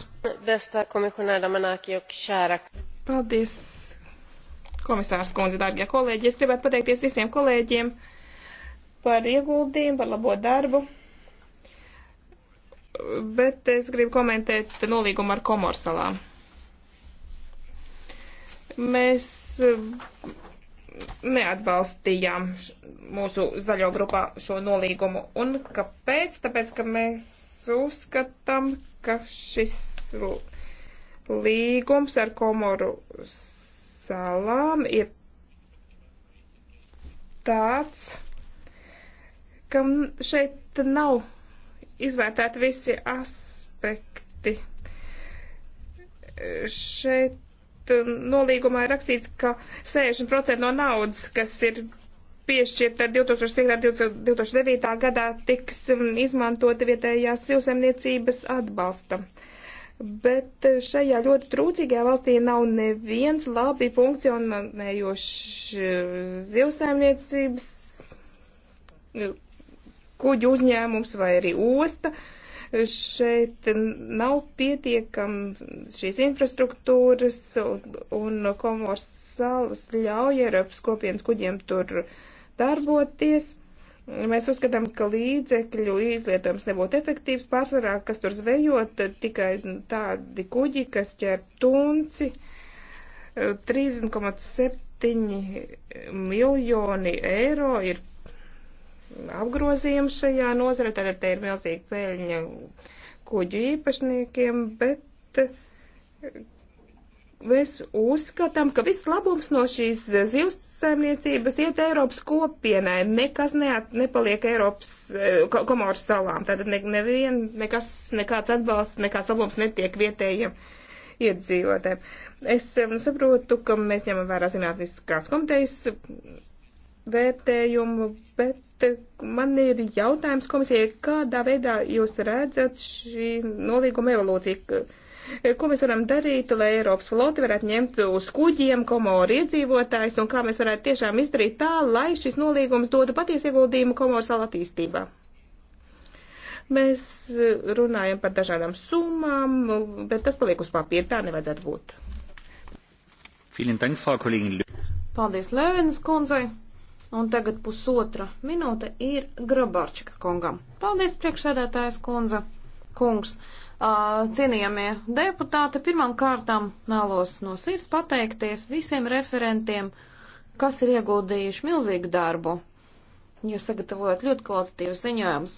Vestā komisionāra manākie kšērāk. Paldies, komisārs kundze, dārgie kolēģi. Es gribētu pateikties visiem kolēģiem par ieguldījumu, par labo darbu. Bet es gribu komentēt nolīgumu ar Komorsalām. Mēs eh, neatbalstījām mūsu zaļo grupā šo nolīgumu. Un kāpēc? Tāpēc, ka mēs uzskatām, ka šis līgums ar Komoru salām ir tāds, ka šeit nav izvērtēti visi aspekti. Šeit nolīgumā ir rakstīts, ka 60% no naudas, kas ir piešķirta 2005.-2009. gadā, tiks izmantota vietējās zivsaimniecības atbalsta. Bet šajā ļoti trūcīgajā valstī nav neviens labi funkcionējošs eh, zivsaimniecības kuģu uzņēmums vai arī osta. Šeit nav pietiekam šīs infrastruktūras un komors salas ļauj Eiropas kopienas kuģiem tur darboties. Mēs uzskatām, ka līdzekļu izlietojums nebūtu efektīvs pārsvarā, kas tur zvejot tikai tādi kuģi, kas ķer tunci. 3,7 miljoni eiro ir apgrozījums šajā nozarē, tātad te ir milzīga peļņa kuģu īpašniekiem, bet mēs uzskatām, ka viss labums no šīs zivs saimniecības iet Eiropas kopienai, nekas neat, nepaliek Eiropas eh, komoras salām, tātad ne, nevien, nekas, nekāds atbalsts, nekāds labums netiek vietējiem iedzīvotēm. Es saprotu, ka mēs ņemam vērā zinātniskās komitejas vērtējumu, bet man ir jautājums komisijai, kādā veidā jūs redzat šī nolīguma evolūciju? Ko mēs varam darīt, lai Eiropas floti varētu ņemt uz kuģiem komoru iedzīvotājs un kā mēs varētu tiešām izdarīt tā, lai šis nolīgums dotu patiesu ieguldījumu komoru salu attīstībā? Mēs runājam par dažādām summām, bet tas paliek uz papīra, tā nevajadzētu būt. Paldies Lēvenes kundzei! Un tagad pusotra minūte ir Grabārčika kungam. Paldies, priekšsēdētājs kundze, kungs. Cienījamie deputāti, pirmām kārtām vēlos no sirds pateikties visiem referentiem, kas ir ieguldījuši milzīgu darbu. Jūs sagatavojat ļoti kvalitatīvus ziņojumus.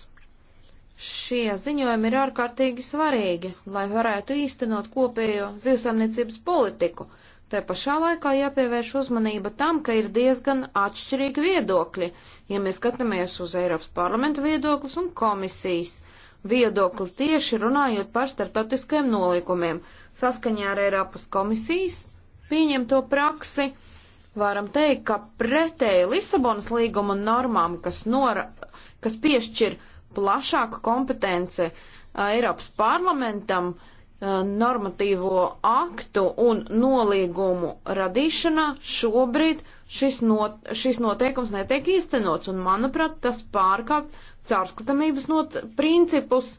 Šie ziņojumi ir ārkārtīgi svarīgi, lai varētu īstenot kopējo zivsaimniecības politiku. Te pašā laikā jāpievērš uzmanība tam, ka ir diezgan atšķirīgi viedokļi, ja mēs skatāmies uz Eiropas parlamenta viedoklis un komisijas viedokli tieši runājot par starptautiskajiem nolīkumiem. Saskaņā ar Eiropas komisijas pieņemto praksi varam teikt, ka pretēji Lisabonas līguma normām, kas, nora, kas piešķir plašāku kompetenci Eiropas parlamentam, uh, Uh, normatīvo aktu un nolīgumu radīšanā šobrīd šis, not, šis noteikums netiek īstenots, un, manuprāt, tas pārkāp caurskatāmības not, principus,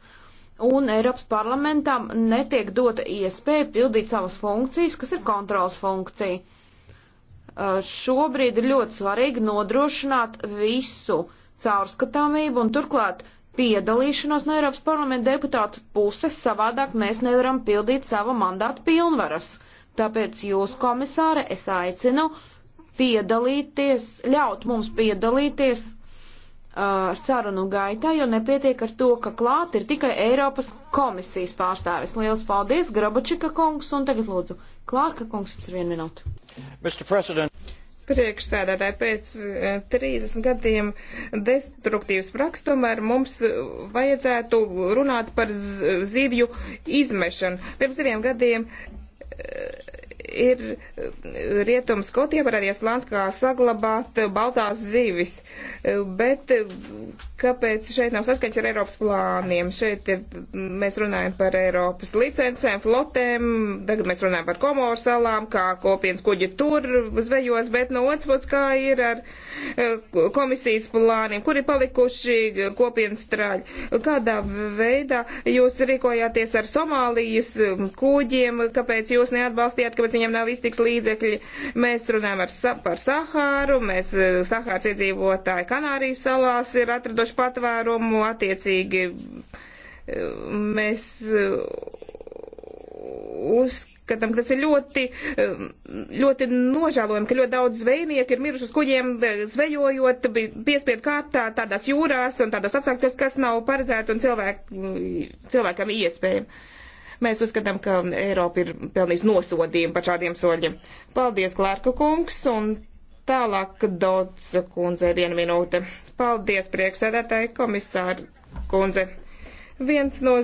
un Eiropas parlamentam netiek dota iespēja pildīt savas funkcijas, kas ir kontrols funkcija. Uh, šobrīd ir ļoti svarīgi nodrošināt visu caurskatāmību, un turklāt piedalīšanos no Eiropas parlamenta deputāta puses, savādāk mēs nevaram pildīt savu mandātu pilnvaras. Tāpēc jūs, komisāre, es aicinu piedalīties, ļaut mums piedalīties uh, sarunu gaitā, jo nepietiek ar to, ka klāt ir tikai Eiropas komisijas pārstāvis. Lielas paldies, Grabačika kungs, un tagad lūdzu, Klārka kungs, jums ir viena minūte priekšsēdētāji pēc 30 eh, gadiem destruktīvas praks, tomēr mums vajadzētu runāt par zivju izmešanu. Pirms diviem gadiem eh, ir rietums Skotija parādījies plāns, kā saglabāt baltās zivis, bet kāpēc šeit nav saskaņas ar Eiropas plāniem? Šeit ir, mēs runājam par Eiropas licencēm, flotēm, tagad mēs runājam par Komoru salām, kā kopienas kuģi tur zvejos, bet no otras puses, kā ir ar eh, komisijas plāniem, kuri palikuši kopienas strāļi? Kādā veidā jūs rīkojāties ar Somālijas eh, kuģiem, kāpēc jūs neatbalstījāt, kāpēc viņi viņiem nav iztiks līdzekļi. Mēs runājam ar, par Sahāru, mēs e, Sahāras iedzīvotāji Kanārijas salās ir atraduši patvērumu attiecīgi. E, mēs e, uzskatām, ka tas ir ļoti, ļoti nožēlojami, ka ļoti daudz zvejnieku ir miruši uz kuģiem, zvejojot piespiedu kārtā tādās jūrās un tādās apstākļos, kas nav paredzēti un cilvēk, cilvēkam iespējami. Mēs uzskatām, ka Eiropa ir pelnījusi nosodījumu par šādiem soļiem. Paldies, Klārka kungs, un tālāk Dodz kundze viena minūte. Paldies, prieksēdētāji komisāri kundze. Viens no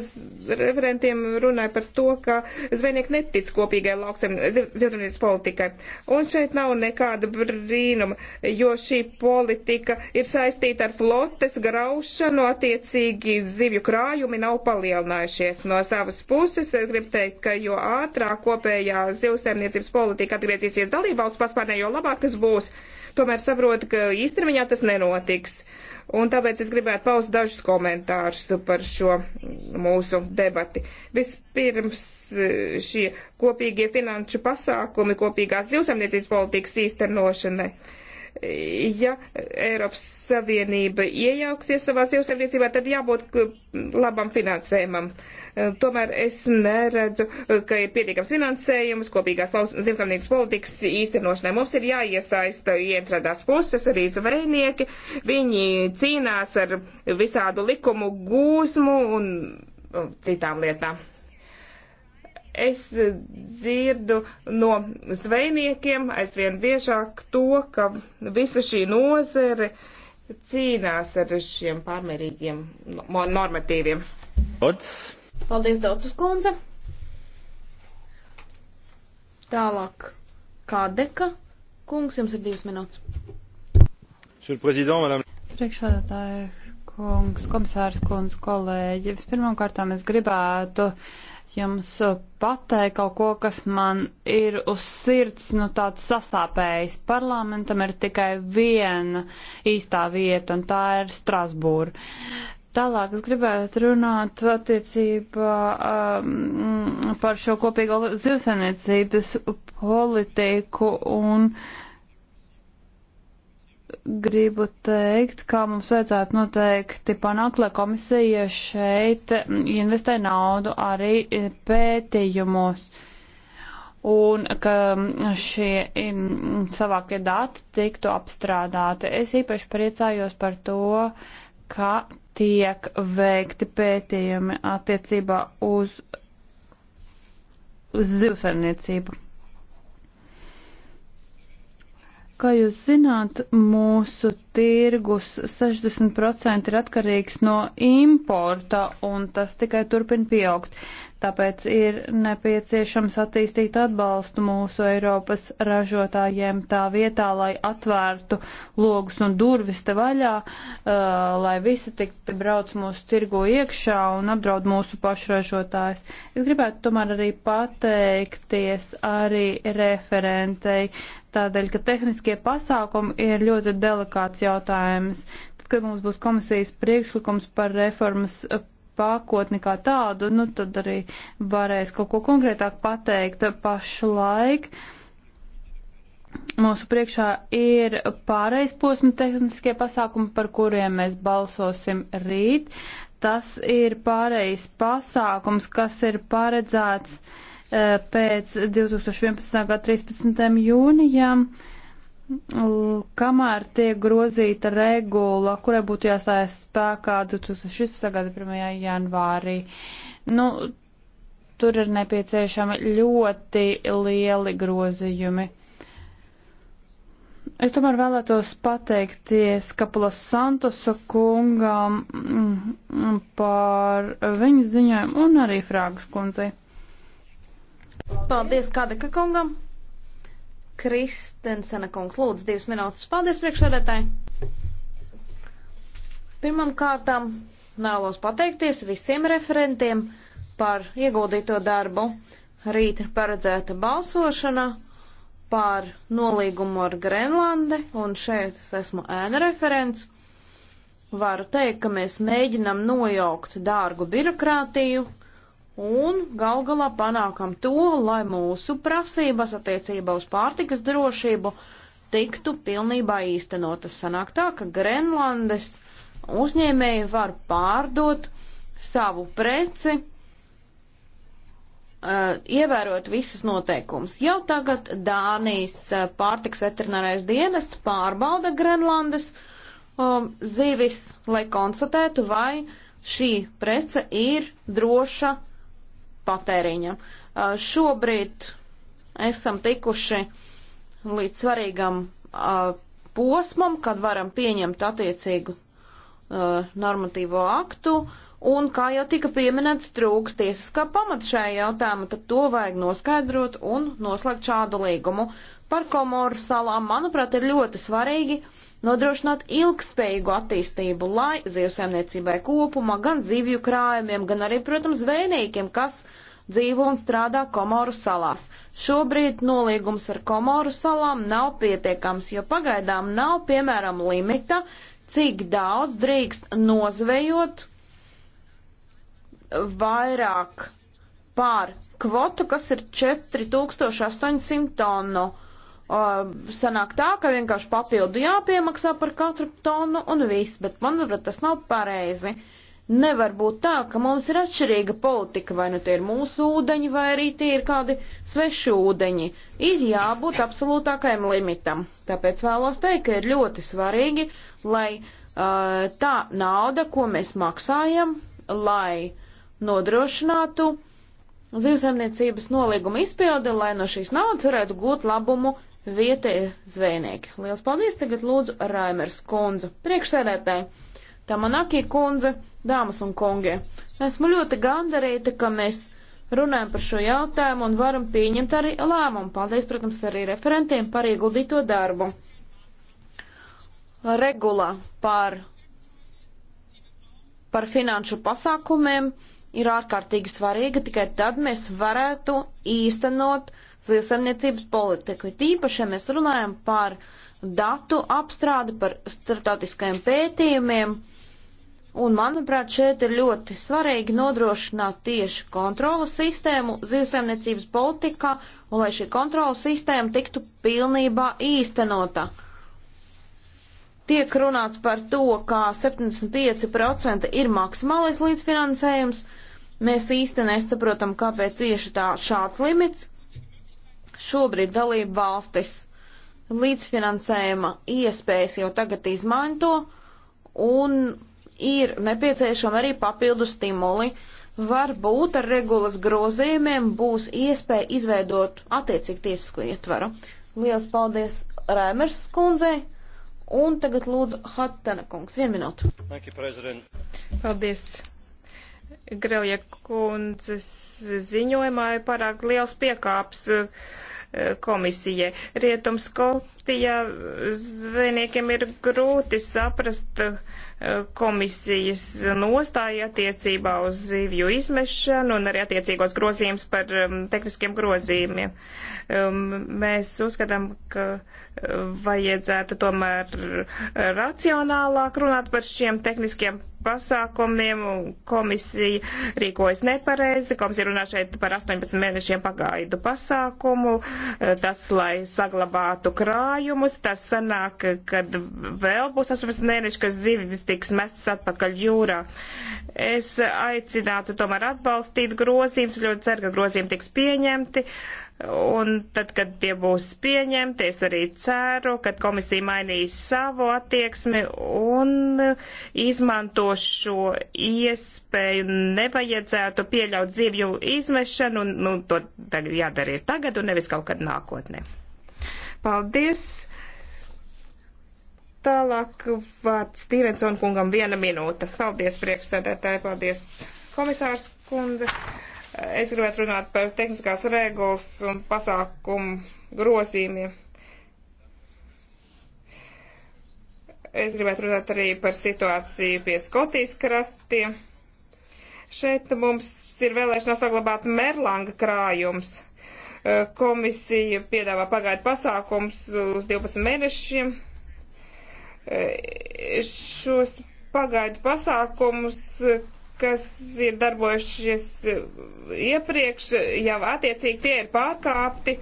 referentiem runāja par to, ka zvejnieki netic kopīgai lauksaimniecības politikai. Un šeit nav nekāda brīnuma, jo šī politika ir saistīta ar flotes graušanu, attiecīgi zivju krājumi nav palielinājušies. No savas puses es gribu teikt, ka jo ātrāk kopējā zivsaimniecības politika atgriezīsies dalībvalsts paspārnē, jo labāk tas būs. Tomēr saprotu, ka īstermiņā tas nenotiks. Uh, Un tāpēc es gribētu paust dažus komentārus par šo mūsu debati. Vispirms e, šie kopīgie finanšu pasākumi, kopīgās zivsamniecības politikas īstenošanai. Uh, ja Eiropas Savienība iejauksies savā zivsaimniecībā, tad jābūt labam finansējumam. E, tomēr es neredzu, ka ir pietiekams finansējums kopīgās zivsaimniecības politikas īstenošanai. Mums ir jāiesaista ientrādās puses, arī zvejnieki. Viņi cīnās ar visādu likumu gūzmu un citām lietām es dzirdu no zvejniekiem aizvien biežāk to, ka visa šī nozare cīnās ar šiem pārmērīgiem normatīviem. Ots. Paldies, Daucis Kundze. Tālāk, Kādeka kungs, jums ir divas minūtes. Priekšādātāja kungs, komisārs kungs, kolēģi, vispirmkārtām es gribētu uh, jums uh, pateikt kaut ko, kas man ir uz sirds, nu tāds sasāpējis. Parlamentam ir tikai viena īstā vieta, un tā ir Strasbūra. Tālāk es gribētu runāt attiecībā um, par šo kopīgo zivsainiecības politiku un uh, gribu teikt, kā mums vajadzētu noteikti panākt, lai komisija šeit investē naudu arī pētījumos. Un ka šie savākie dati tiktu apstrādāti. Es īpaši priecājos par to, ka tiek veikti pētījumi attiecībā uz zivsarniecību. Kā jūs zināt, mūsu tirgus 60% ir atkarīgs no importa, un tas tikai turpina pieaugt. Tāpēc ir nepieciešams attīstīt atbalstu mūsu Eiropas ražotājiem tā vietā, lai atvērtu logus un durvis te vaļā, uh, lai visi tik brauc mūsu tirgu iekšā un apdraud mūsu pašražotājs. Es gribētu tomēr arī pateikties arī referentei. Uh, tādēļ, ka tehniskie pasākumi ir ļoti delikāts jautājums. Tad, kad mums būs komisijas priekšlikums par reformas eh, pakotni kā tādu, nu tad arī varēs kaut ko konkrētāk pateikt pašlaik. Mūsu priekšā ir pārejas posma tehniskie pasākumi, par kuriem mēs balsosim rīt. Tas ir pārejas pasākums, kas ir paredzēts uh, pēc 2011. gada 13. jūnijam, kamēr tiek grozīta regula, kurai būtu jāstājas spēkā 2016. gada 1. janvārī. Nu, tur ir nepieciešami ļoti lieli grozījumi. Es tomēr vēlētos pateikties Kapulas Santosa kungam mm, par viņas ziņojumu un arī Frāgas kundzei. Paldies Kadeka kungam. Kristensena kungs, lūdzu, divas minūtes. Paldies priekšsēdētāji. Pirmam kārtām vēlos pateikties visiem referentiem par ieguldīto darbu. Rīt ir paredzēta balsošana par nolīgumu ar Grenlandi, un šeit es esmu ēna referents. Varu teikt, ka mēs mēģinam nojaukt dārgu birokrātiju, un gal galā panākam to, lai mūsu prasības attiecībā uz pārtikas drošību tiktu pilnībā īstenotas. Sanāk tā, ka Grenlandes uzņēmēji var pārdot savu preci, uh, ievērot visus noteikumus. Jau tagad Dānijas uh, pārtiks veterinārais dienests pārbauda Grenlandes um, zivis, lai konstatētu, vai šī prece ir droša patēriņa. Šobrīd esam tikuši līdz svarīgam posmam, kad varam pieņemt attiecīgu normatīvo aktu, un, kā jau tika pieminēts, trūks tiesiskā pamata šajā jautājumā, tad to vajag noskaidrot un noslēgt šādu līgumu. Par Komoru salām, manuprāt, ir ļoti svarīgi uh, nodrošināt ilgspējīgu attīstību, lai zivsēmniecībai kopumā, gan zivju krājumiem, gan arī, protams, zvejniekiem, kas dzīvo un strādā Komoru salās. Šobrīd nolīgums ar Komoru salām nav pietiekams, jo pagaidām nav, piemēram, limita, cik daudz drīkst nozvejot vairāk pār kvotu, kas ir 4800 tonu sanāk tā, ka vienkārši papildu jāpiemaksā par katru tonu un viss, bet manuprāt tas nav pareizi. Nevar būt tā, ka mums ir atšķirīga politika, vai nu tie ir mūsu ūdeņi, vai arī tie ir kādi sveši ūdeņi. Ir jābūt absolūtākajam limitam. Tāpēc vēlos teikt, ka ir ļoti svarīgi, lai uh, tā nauda, ko mēs maksājam, lai nodrošinātu zivsaimniecības nolīguma izpildi, lai no šīs naudas varētu gūt labumu vietēji zvejnieki. Liels paldies tagad lūdzu Raimers kundze, priekšsēdētāji, Tamanaki kundze, dāmas un kungie. Esmu ļoti gandarīta, ka mēs runājam par šo jautājumu un varam pieņemt arī lēmumu. Paldies, protams, arī referentiem par ieguldīto darbu. Regula par, par finanšu pasākumiem ir ārkārtīgi svarīga, tikai tad mēs varētu īstenot uh, zivsaimniecības politiku. Tīpaši, ja mēs runājam par datu apstrādi, par starptautiskajiem pētījumiem, un, manuprāt, šeit ir ļoti svarīgi nodrošināt tieši kontrolas sistēmu zivsaimniecības politikā, un lai šī kontrolas sistēma tiktu pilnībā īstenota. Tiek runāts par to, ka 75% ir maksimālais līdzfinansējums. Mēs īsti nesaprotam, kāpēc tieši tā šāds limits, šobrīd dalību valstis līdzfinansējuma iespējas jau tagad izmanto un ir nepieciešama arī papildu stimuli. Varbūt ar regulas grozījumiem būs iespēja izveidot attiecīgi tiesisko ietvaru. Lielas paldies Rēmers skundzei un tagad lūdzu Hattana kungs. Vienu minūtu. Paldies. Grelija kundzes ziņojumā ir pārāk liels piekāps. Uh, komisijai. Rietumskotijā zvejniekiem ir grūti saprast eh, komisijas nostāju attiecībā uz zivju izmešanu un arī attiecīgos grozījums par mm, tehniskiem grozījumiem. Um, mēs uzskatām, ka uh, vajadzētu tomēr uh, racionālāk runāt par šiem tehniskiem pasākumiem. Komisija rīkojas nepareizi. Komisija runā šeit par 18 mēnešiem pagaidu pasākumu. Uh, tas, lai saglabātu krājumus, tas sanāk, kad vēl būs 18 mēneši, ka zivis tiks mests atpakaļ jūrā. Es aicinātu tomēr atbalstīt grozījums. Ļoti ceru, ka grozījumi tiks pieņemti. Uh, Un tad, kad tie būs pieņemti, es arī ceru, ka komisija mainīs savu attieksmi un izmanto šo iespēju. Nevajadzētu pieļaut zivju izmešanu, un nu, to jādara ir tagad un nevis kaut kad nākotnē. Paldies! Tālāk vārds Stevensona kungam viena minūte. Paldies, priekšstādētāji, paldies, komisārs kundze. Es gribētu runāt par tehniskās regulas un pasākumu grozījumiem. Es gribētu runāt arī par situāciju pie Skotijas krastiem. Šeit mums ir vēlēšanās saglabāt Merlanga krājums. Komisija piedāvā pagaidu pasākums uz 12 mēnešiem. Šos pagaidu pasākumus kas ir darbojušies eh, iepriekš, jau attiecīgi tie ir pārkāpti.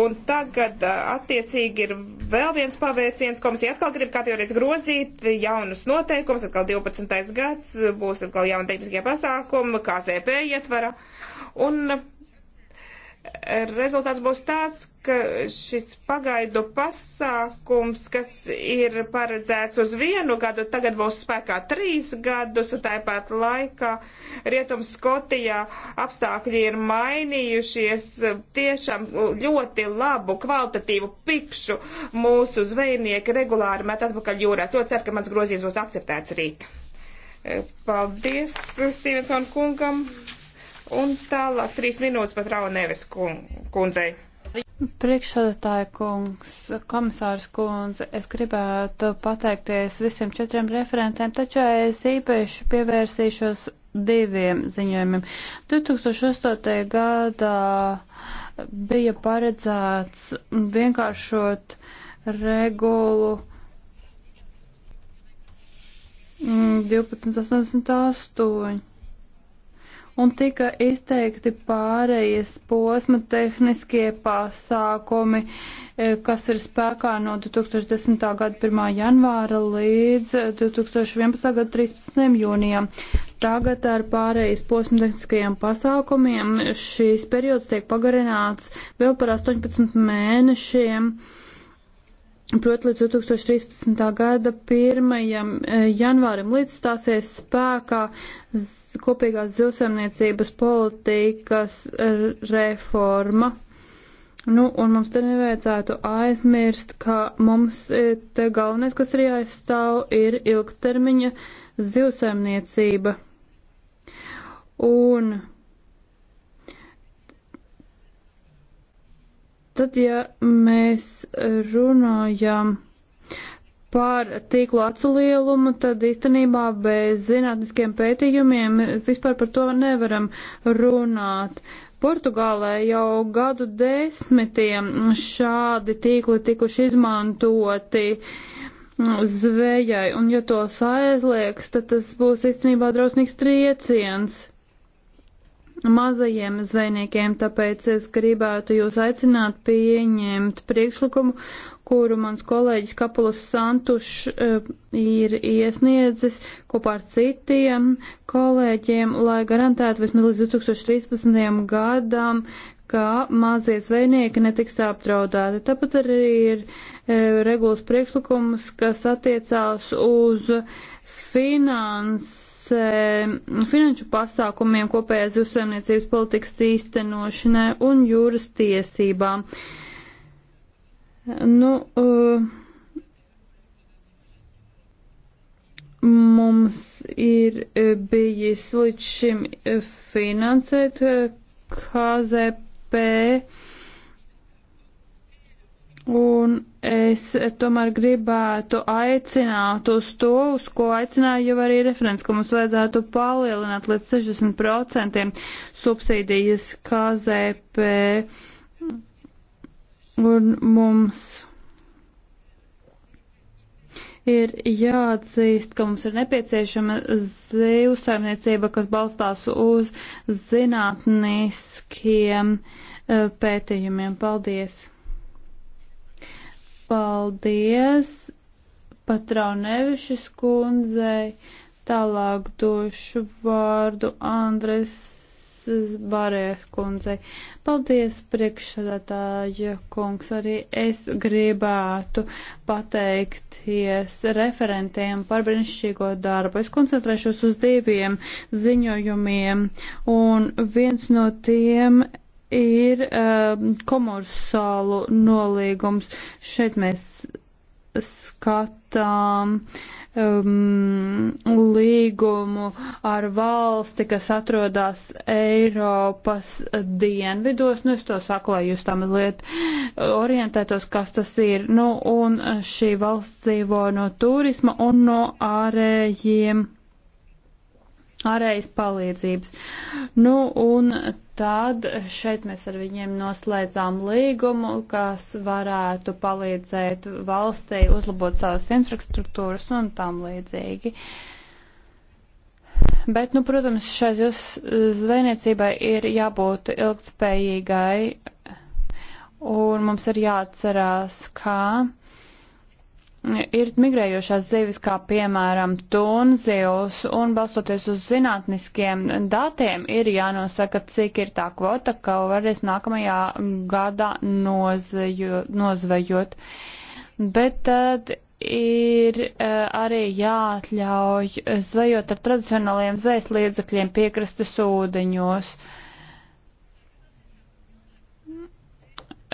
Un tagad eh, attiecīgi ir vēl viens pavērsiens, komisija atkal grib kādreiz grozīt jaunus noteikumus, atkal 12. gads, būs atkal jauni tehniskie pasākumi, KZP ietvara. Un rezultāts būs tāds, ka šis pagaidu pasākums, kas ir paredzēts uz vienu gadu, tagad būs spēkā trīs gadus, un tāpat laikā Rietums Skotijā apstākļi ir mainījušies tiešām ļoti labu, kvalitatīvu pikšu mūsu zvejnieki regulāri met atpakaļ jūrā. Es ļoti ceru, ka mans grozījums būs akceptēts rīt. Paldies Stevenson kungam. Un tālāk trīs minūtes pat Rau Neves kundzei. Priekšsādātāja kungs, komisārs kundze, es gribētu pateikties visiem četriem referentiem, taču es īpaši pievērsīšos diviem ziņojumiem. 2008. gadā bija paredzēts vienkāršot regulu 1288. Mm, un tika izteikti pārējais posma tehniskie pasākumi, e, kas ir spēkā no 2010. gada 1. janvāra līdz 2011. gada 13. jūnijam. Tagad ar pārējais posma tehniskajiem pasākumiem šīs periods tiek pagarināts vēl par 18 mēnešiem. Uh, Proti, līdz 2013. gada 1. Eh, janvārim līdz stāsies spēkā kopīgās zivsaimniecības politikas eh, reforma. Nu, un mums te nevajadzētu aizmirst, ka mums eh, te galvenais, kas ir jāizstāv, ir ilgtermiņa zivsaimniecība. Un Tad, ja mēs runājam par tīklu atsulielumu, tad īstenībā bez zinātniskiem pētījumiem vispār par to nevaram runāt. Portugālē jau gadu desmitiem šādi tīkli tikuši izmantoti zvejai, un ja tos aizliegs, tad tas būs īstenībā drausmīgs trieciens mazajiem zvejniekiem, tāpēc es gribētu jūs aicināt pieņemt priekšlikumu, kuru mans kolēģis Kapulas Santušs uh, eh, ir iesniedzis kopā ar citiem kolēģiem, lai garantētu vismaz līdz 2013. gadam, ka mazie zvejnieki netiks apdraudēti. Tāpat arī ir uh, regulas priekšlikums, kas attiecās uz finanses finansē e, finanšu pasākumiem kopējās uzsaimniecības politikas īstenošanai un jūras tiesībām. Nu, e, mums ir bijis līdz šim finansēt e, KZP Un es tomēr gribētu aicināt uz to, uz ko aicināju jau arī referents, ka mums vajadzētu palielināt līdz 60% subsīdijas KZP. Un mums ir jāatzīst, ka mums ir nepieciešama zivsaimniecība, kas balstās uz zinātniskiem eh, pētījumiem. Paldies! Paldies Patraunevišas kundzei. Tālāk došu vārdu Andres Barēs kundzei. Paldies, priekšsēdētāja kungs. Arī es gribētu pateikties referentiem par brīnišķīgo darbu. Es koncentrēšos uz diviem ziņojumiem, un viens no tiem ir um, komerciālu nolīgums. Šeit mēs skatām um, līgumu ar valsti, kas atrodas Eiropas dienvidos. Nu, es to saku, lai jūs tam liet orientētos, kas tas ir. Nu, un šī valsts dzīvo no turisma un no ārējiem ārējas palīdzības. Nu, un tad šeit mēs ar viņiem noslēdzām līgumu, kas varētu palīdzēt valstī uzlabot savas infrastruktūras un tam līdzīgi. Bet, nu, protams, šai zvejniecībai ir jābūt ilgtspējīgai, un mums ir jāatcerās, ka ir migrējošās zivis, kā piemēram tunzivs, un balstoties uz zinātniskiem datiem, ir jānosaka, cik ir tā kvota, ka varēs nākamajā gadā nozvejo, nozvejot. Bet tad ir eh, arī jāatļauj zvejot ar tradicionāliem zvejas līdzakļiem piekrastes ūdeņos. Uh,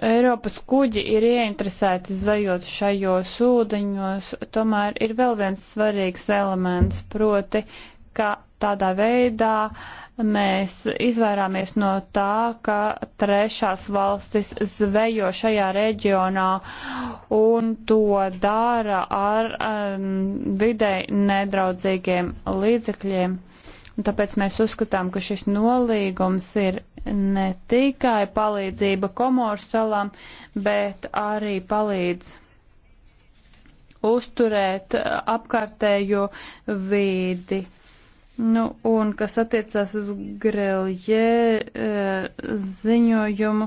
Eiropas kuģi ir ieinteresēti zvejot šajos ūdeņos, tomēr ir vēl viens svarīgs elements, proti, ka tādā veidā mēs izvairāmies no tā, ka trešās valstis zvejo šajā reģionā un to dara ar um, videi nedraudzīgiem līdzekļiem. Un tāpēc mēs uzskatām, ka šis nolīgums ir ne tikai palīdzība Komoru salām, bet arī palīdz uzturēt apkārtējo vīdi. Nu, un kas attiecās uz Grelje eh, ziņojumu,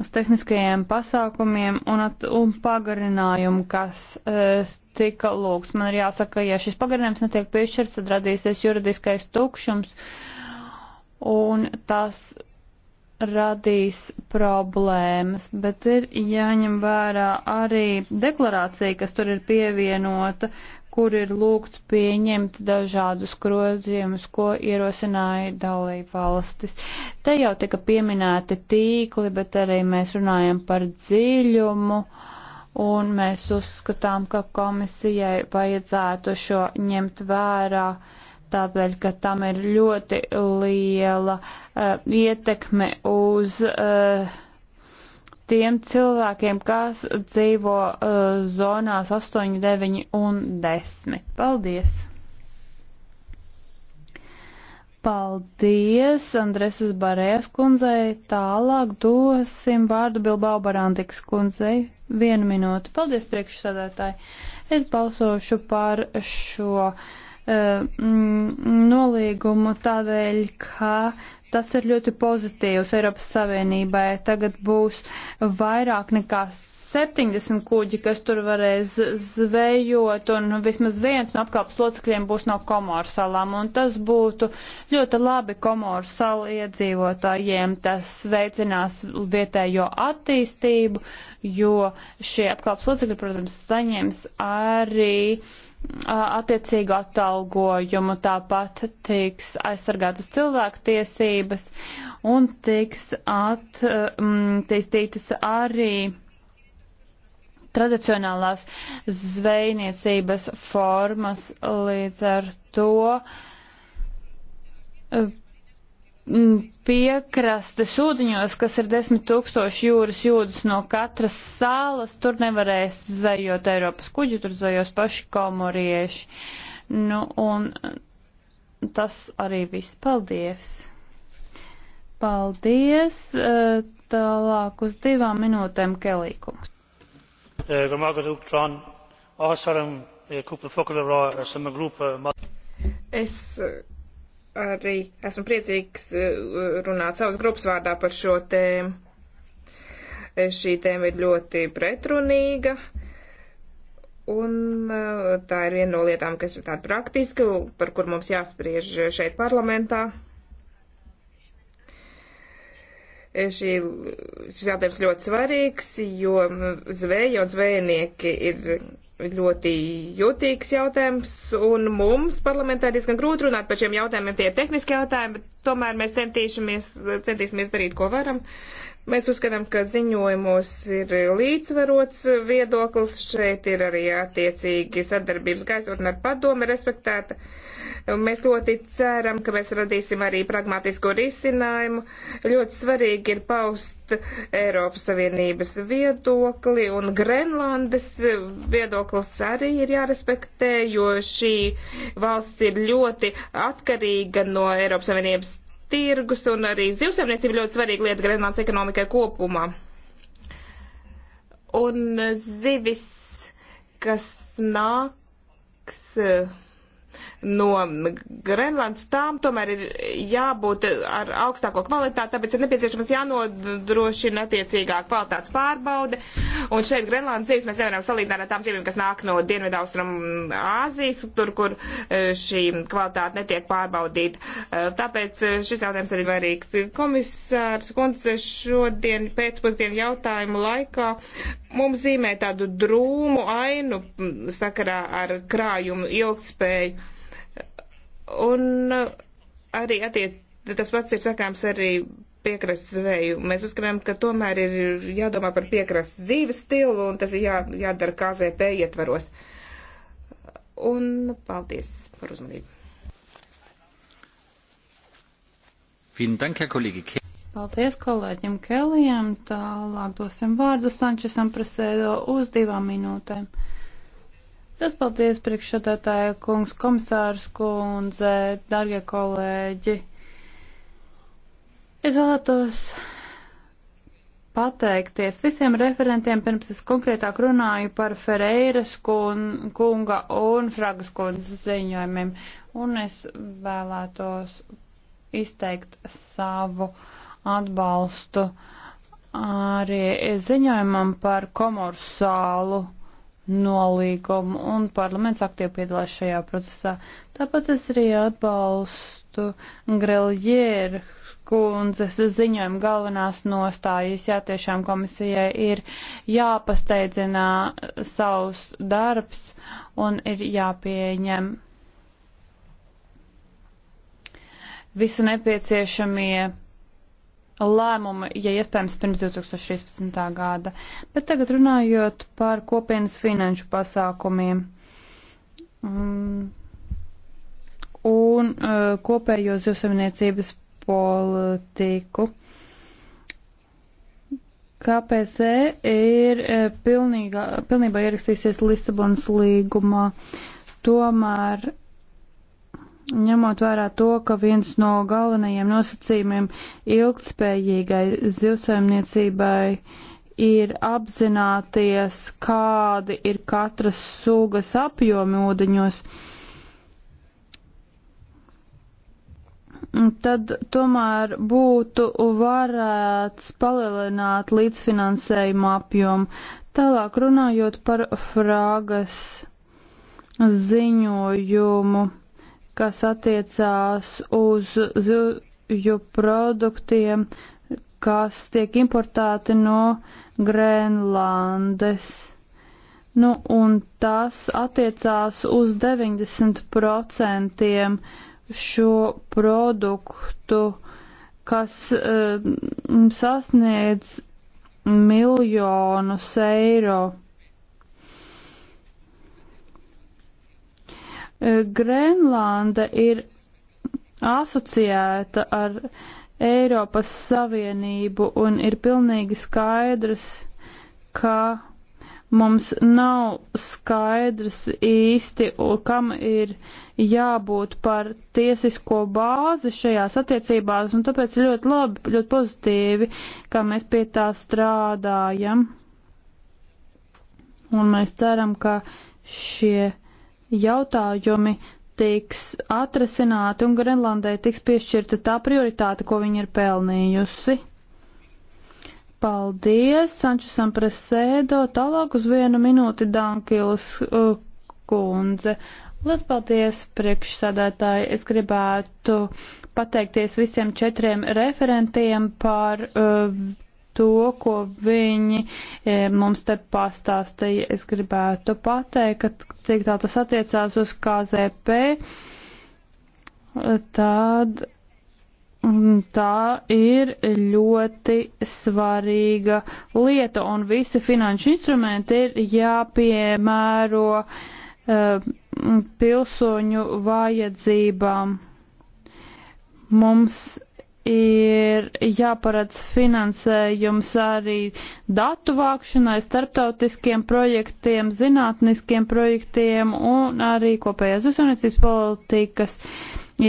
uz tehniskajiem pasākumiem un, at, un pagarinājumu, kas eh, tika lūgts. Man ir jāsaka, ja šis pagarinājums netiek piešķirts, tad radīsies juridiskais tukšums. Un tas radīs problēmas, bet ir jāņem vērā arī deklarācija, kas tur ir pievienota, kur ir lūgt pieņemt dažādus grozījumus, ko ierosināja dalība valstis. Te jau tika pieminēti tīkli, bet arī mēs runājam par dziļumu. Un mēs uzskatām, ka komisijai vajadzētu šo ņemt vērā uh, tāpēc, ka tam ir ļoti liela uh, ietekme uz uh, tiem cilvēkiem, kas dzīvo uh, zonās 8, 9 un 10. Paldies! Paldies, Andreses Barēs kundzei. Tālāk dosim vārdu Bilbao Barantikas kundzei. Vienu minūti. Paldies, priekšsādātāji. Es balsošu par šo uh, Uh, mm, nolīgumu tādēļ, ka tas ir ļoti pozitīvs Eiropas Savienībai. Tagad būs vairāk nekā 70 kuģi, kas tur varēs zvejot, un vismaz viens no apkalpas locekļiem būs no Komoru salām, un tas būtu ļoti labi Komoru salu iedzīvotājiem, tas veicinās vietējo attīstību, jo šie apkalpas locekļi, protams, saņems arī attiecīgu atalgojumu, tāpat tiks aizsargātas cilvēktiesības un tiks attīstītas arī tradicionālās zvejniecības formas līdz ar to eh, piekraste sūdiņos, kas ir desmit tūkstoši jūras jūdzes no katras salas, tur nevarēs zvejot Eiropas kuģi, tur zvejos paši komorieši. Nu, un eh, tas arī viss. Paldies! Paldies! Eh, tālāk uz divām minūtēm Kelīkungs. Es eh, arī esmu priecīgs eh, runāt savas grupas vārdā par šo tēmu. Eh, šī tēma ir ļoti pretrunīga, un tā ir viena no lietām, kas ir tāda praktiska, par kur mums jāspriež šeit parlamentā. Šī, šis jautājums ļoti svarīgs, jo zveja un zvejnieki ir ļoti jūtīgs jautājums, un mums parlamentā ir diezgan grūti runāt par šiem jautājumiem. Tie ir tehniski jautājumi, bet tomēr mēs centīsimies, centīsimies darīt, ko varam. Mēs uzskatām, ka ziņojumos ir līdzsvarots viedoklis, šeit ir arī attiecīgi sadarbības gaisotne ar padomi respektēta. Mēs ļoti ceram, ka mēs radīsim arī pragmatisko risinājumu. Ļoti svarīgi ir paust Eiropas Savienības viedokli un Grenlandes viedoklis arī ir jārespektē, jo šī valsts ir ļoti atkarīga no Eiropas Savienības tirgus un arī zivsaimniecība ļoti svarīga lieta Grenlandes ekonomikai kopumā. Un zivis, kas nāks no Grenlandes, tām tomēr ir jābūt ar augstāko kvalitāti, tāpēc ir nepieciešams jānodrošina attiecīgā kvalitātes pārbaude. Un šeit Grenlandes zivs mēs nevaram salīdzināt ar tām zivīm, kas nāk no Dienvidaustram Āzijas, tur, kur e, šī kvalitāte netiek pārbaudīta. E, tāpēc e, šis jautājums arī vērīgs. Komisārs Kundze šodien pēcpusdienu jautājumu laikā mums zīmē tādu drūmu ainu sakarā ar krājumu ilgspēju. Un arī attiec, tas pats ir sakāms arī piekrastes zveju. Mēs uzskatām, ka tomēr ir jādomā par piekrastes dzīves stilu, un tas ir jā, jādara KZP ietvaros. Un paldies par uzmanību. Paldies kolēģim Kelijam. Tālāk dosim vārdu Sančesam Presēdo uz divām minūtēm. Tas paldies priekšsādātāja kungs, komisārs kundze, dargie kolēģi. Es vēlētos pateikties visiem referentiem, pirms es konkrētāk runāju par Ferreiras kun, kunga un Fragas kundzes ziņojumiem, un es vēlētos izteikt savu atbalstu arī ziņojumam par komorsālu nolīgumu, un parlaments aktīvi piedalās šajā procesā. Tāpat es arī atbalstu Greljeru kundzes ziņojumu galvenās nostājas. Jā, tiešām komisijai ir jāpasteidzinā savs darbs un ir jāpieņem visi nepieciešamie lēmumu, ja iespējams, pirms 2016. gada. Bet tagad runājot par kopienas finanšu pasākumiem mm. un, un uh, kopējo zivsaimniecības politiku. KPC e ir uh, pilnīga, pilnībā ierakstījusies Lisabonas līgumā. Tomēr ņemot vērā to, ka viens no galvenajiem nosacījumiem ilgtspējīgai zivsaimniecībai ir apzināties, kādi ir katras sugas apjomi ūdeņos. Tad tomēr būtu varēts palielināt līdzfinansējumu apjomu. Tālāk runājot par frāgas ziņojumu kas attiecās uz zivju produktiem, kas tiek importēti no Grenlandes. Nu, un tas attiecās uz 90% šo produktu, kas uh, sasniedz miljonus eiro. E, Grenlanda ir asociēta ar Eiropas Savienību un ir pilnīgi skaidrs, ka mums nav skaidrs īsti, kam ir jābūt par tiesisko bāzi šajās attiecībās, un tāpēc ļoti labi, ļoti pozitīvi, kā mēs pie tā strādājam. Un mēs ceram, ka šie jautājumi tiks atrasināti un Grenlandai tiks piešķirta tā prioritāte, ko viņa ir pelnījusi. Paldies, Sančusam Presēdo. Tālāk uz vienu minūti Dankils uh, kundze. Lielas paldies, priekšsādātāji. Es gribētu pateikties visiem četriem referentiem par uh, to, ko viņi e, mums te pastāstīja. Es gribētu pateikt, ka cik tā tas attiecās uz KZP, tad mm, tā ir ļoti svarīga lieta, un visi finanšu instrumenti ir jāpiemēro uh, pilsoņu vajadzībām. Mums ir jāparedz finansējums arī datu vākšanai, starptautiskiem projektiem, zinātniskiem projektiem un arī kopējās uzmanības politikas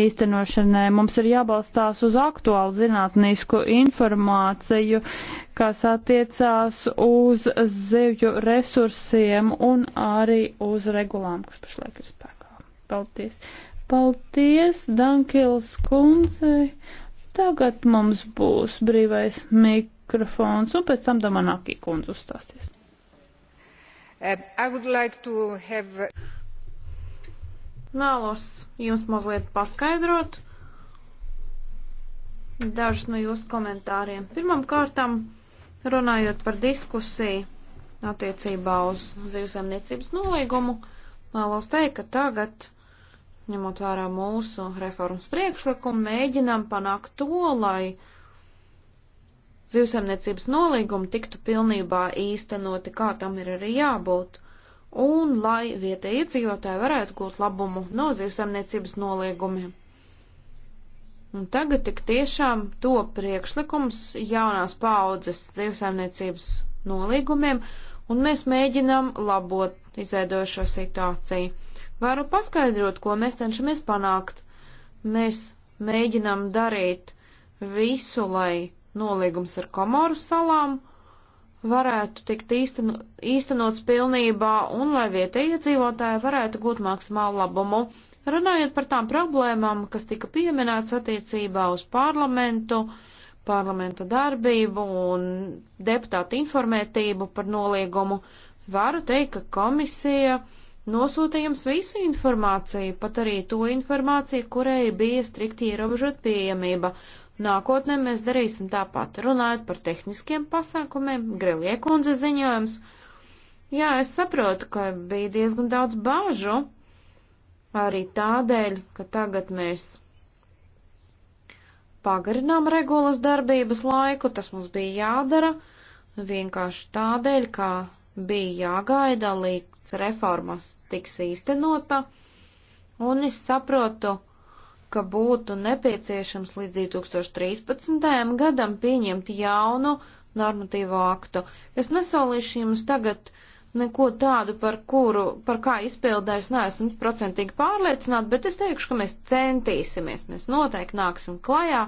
īstenošanai. Mums ir jābalstās uz aktuālu zinātnisku informāciju, kas attiecās uz zivju resursiem un arī uz regulām, kas pašlaik ir spēkā. Paldies! Paldies, Dankils kundzei! Tagad mums būs brīvais mikrofons, un pēc tam Damanākī kundze uzstāsies. Uh, like have... Vēlos jums mazliet paskaidrot dažus no jūsu komentāriem. Pirmam kārtam, runājot par diskusiju attiecībā uz zivsēmniecības nolīgumu, vēlos teikt, ka tagad ņemot vērā mūsu reformas priekšlikumu, mēģinām panākt to, lai zivsaimniecības nolīgumi tiktu pilnībā īstenoti, kā tam ir arī jābūt, un lai vietējie iedzīvotāji varētu gūt labumu no zivsaimniecības nolīgumiem. Un tagad tik tiešām to priekšlikums jaunās paaudzes zivsaimniecības nolīgumiem, un mēs mēģinām labot izveidojušo situāciju varu paskaidrot, ko mēs cenšamies panākt. Mēs mēģinām darīt visu, lai nolīgums ar Komoru salām varētu tikt īsteno, īstenots pilnībā un lai vietējie dzīvotāji varētu gūt maksimālu labumu. Runājot par tām problēmām, kas tika pieminēts attiecībā uz parlamentu, parlamenta darbību un deputātu informētību par noliegumu, varu teikt, ka komisija uh, nosūta jums visu informāciju, pat arī to informāciju, kurai bija strikti ierobežot pieejamība. Nākotnē mēs darīsim tāpat, runājot par tehniskiem pasākumiem, Griliekundze ziņojums. Jā, es saprotu, ka bija diezgan daudz bāžu, arī tādēļ, ka tagad mēs pagarinām regulas darbības laiku, tas mums bija jādara, vienkārši tādēļ, kā bija jāgaida līdz reformas tiks īstenota, un es saprotu, ka būtu nepieciešams līdz 2013. gadam pieņemt jaunu normatīvo aktu. Es nesolīšu jums tagad neko tādu, par kuru, par kā izpildēs, neesmu procentīgi pārliecināta, bet es teikšu, ka mēs centīsimies, mēs noteikti nāksim klajā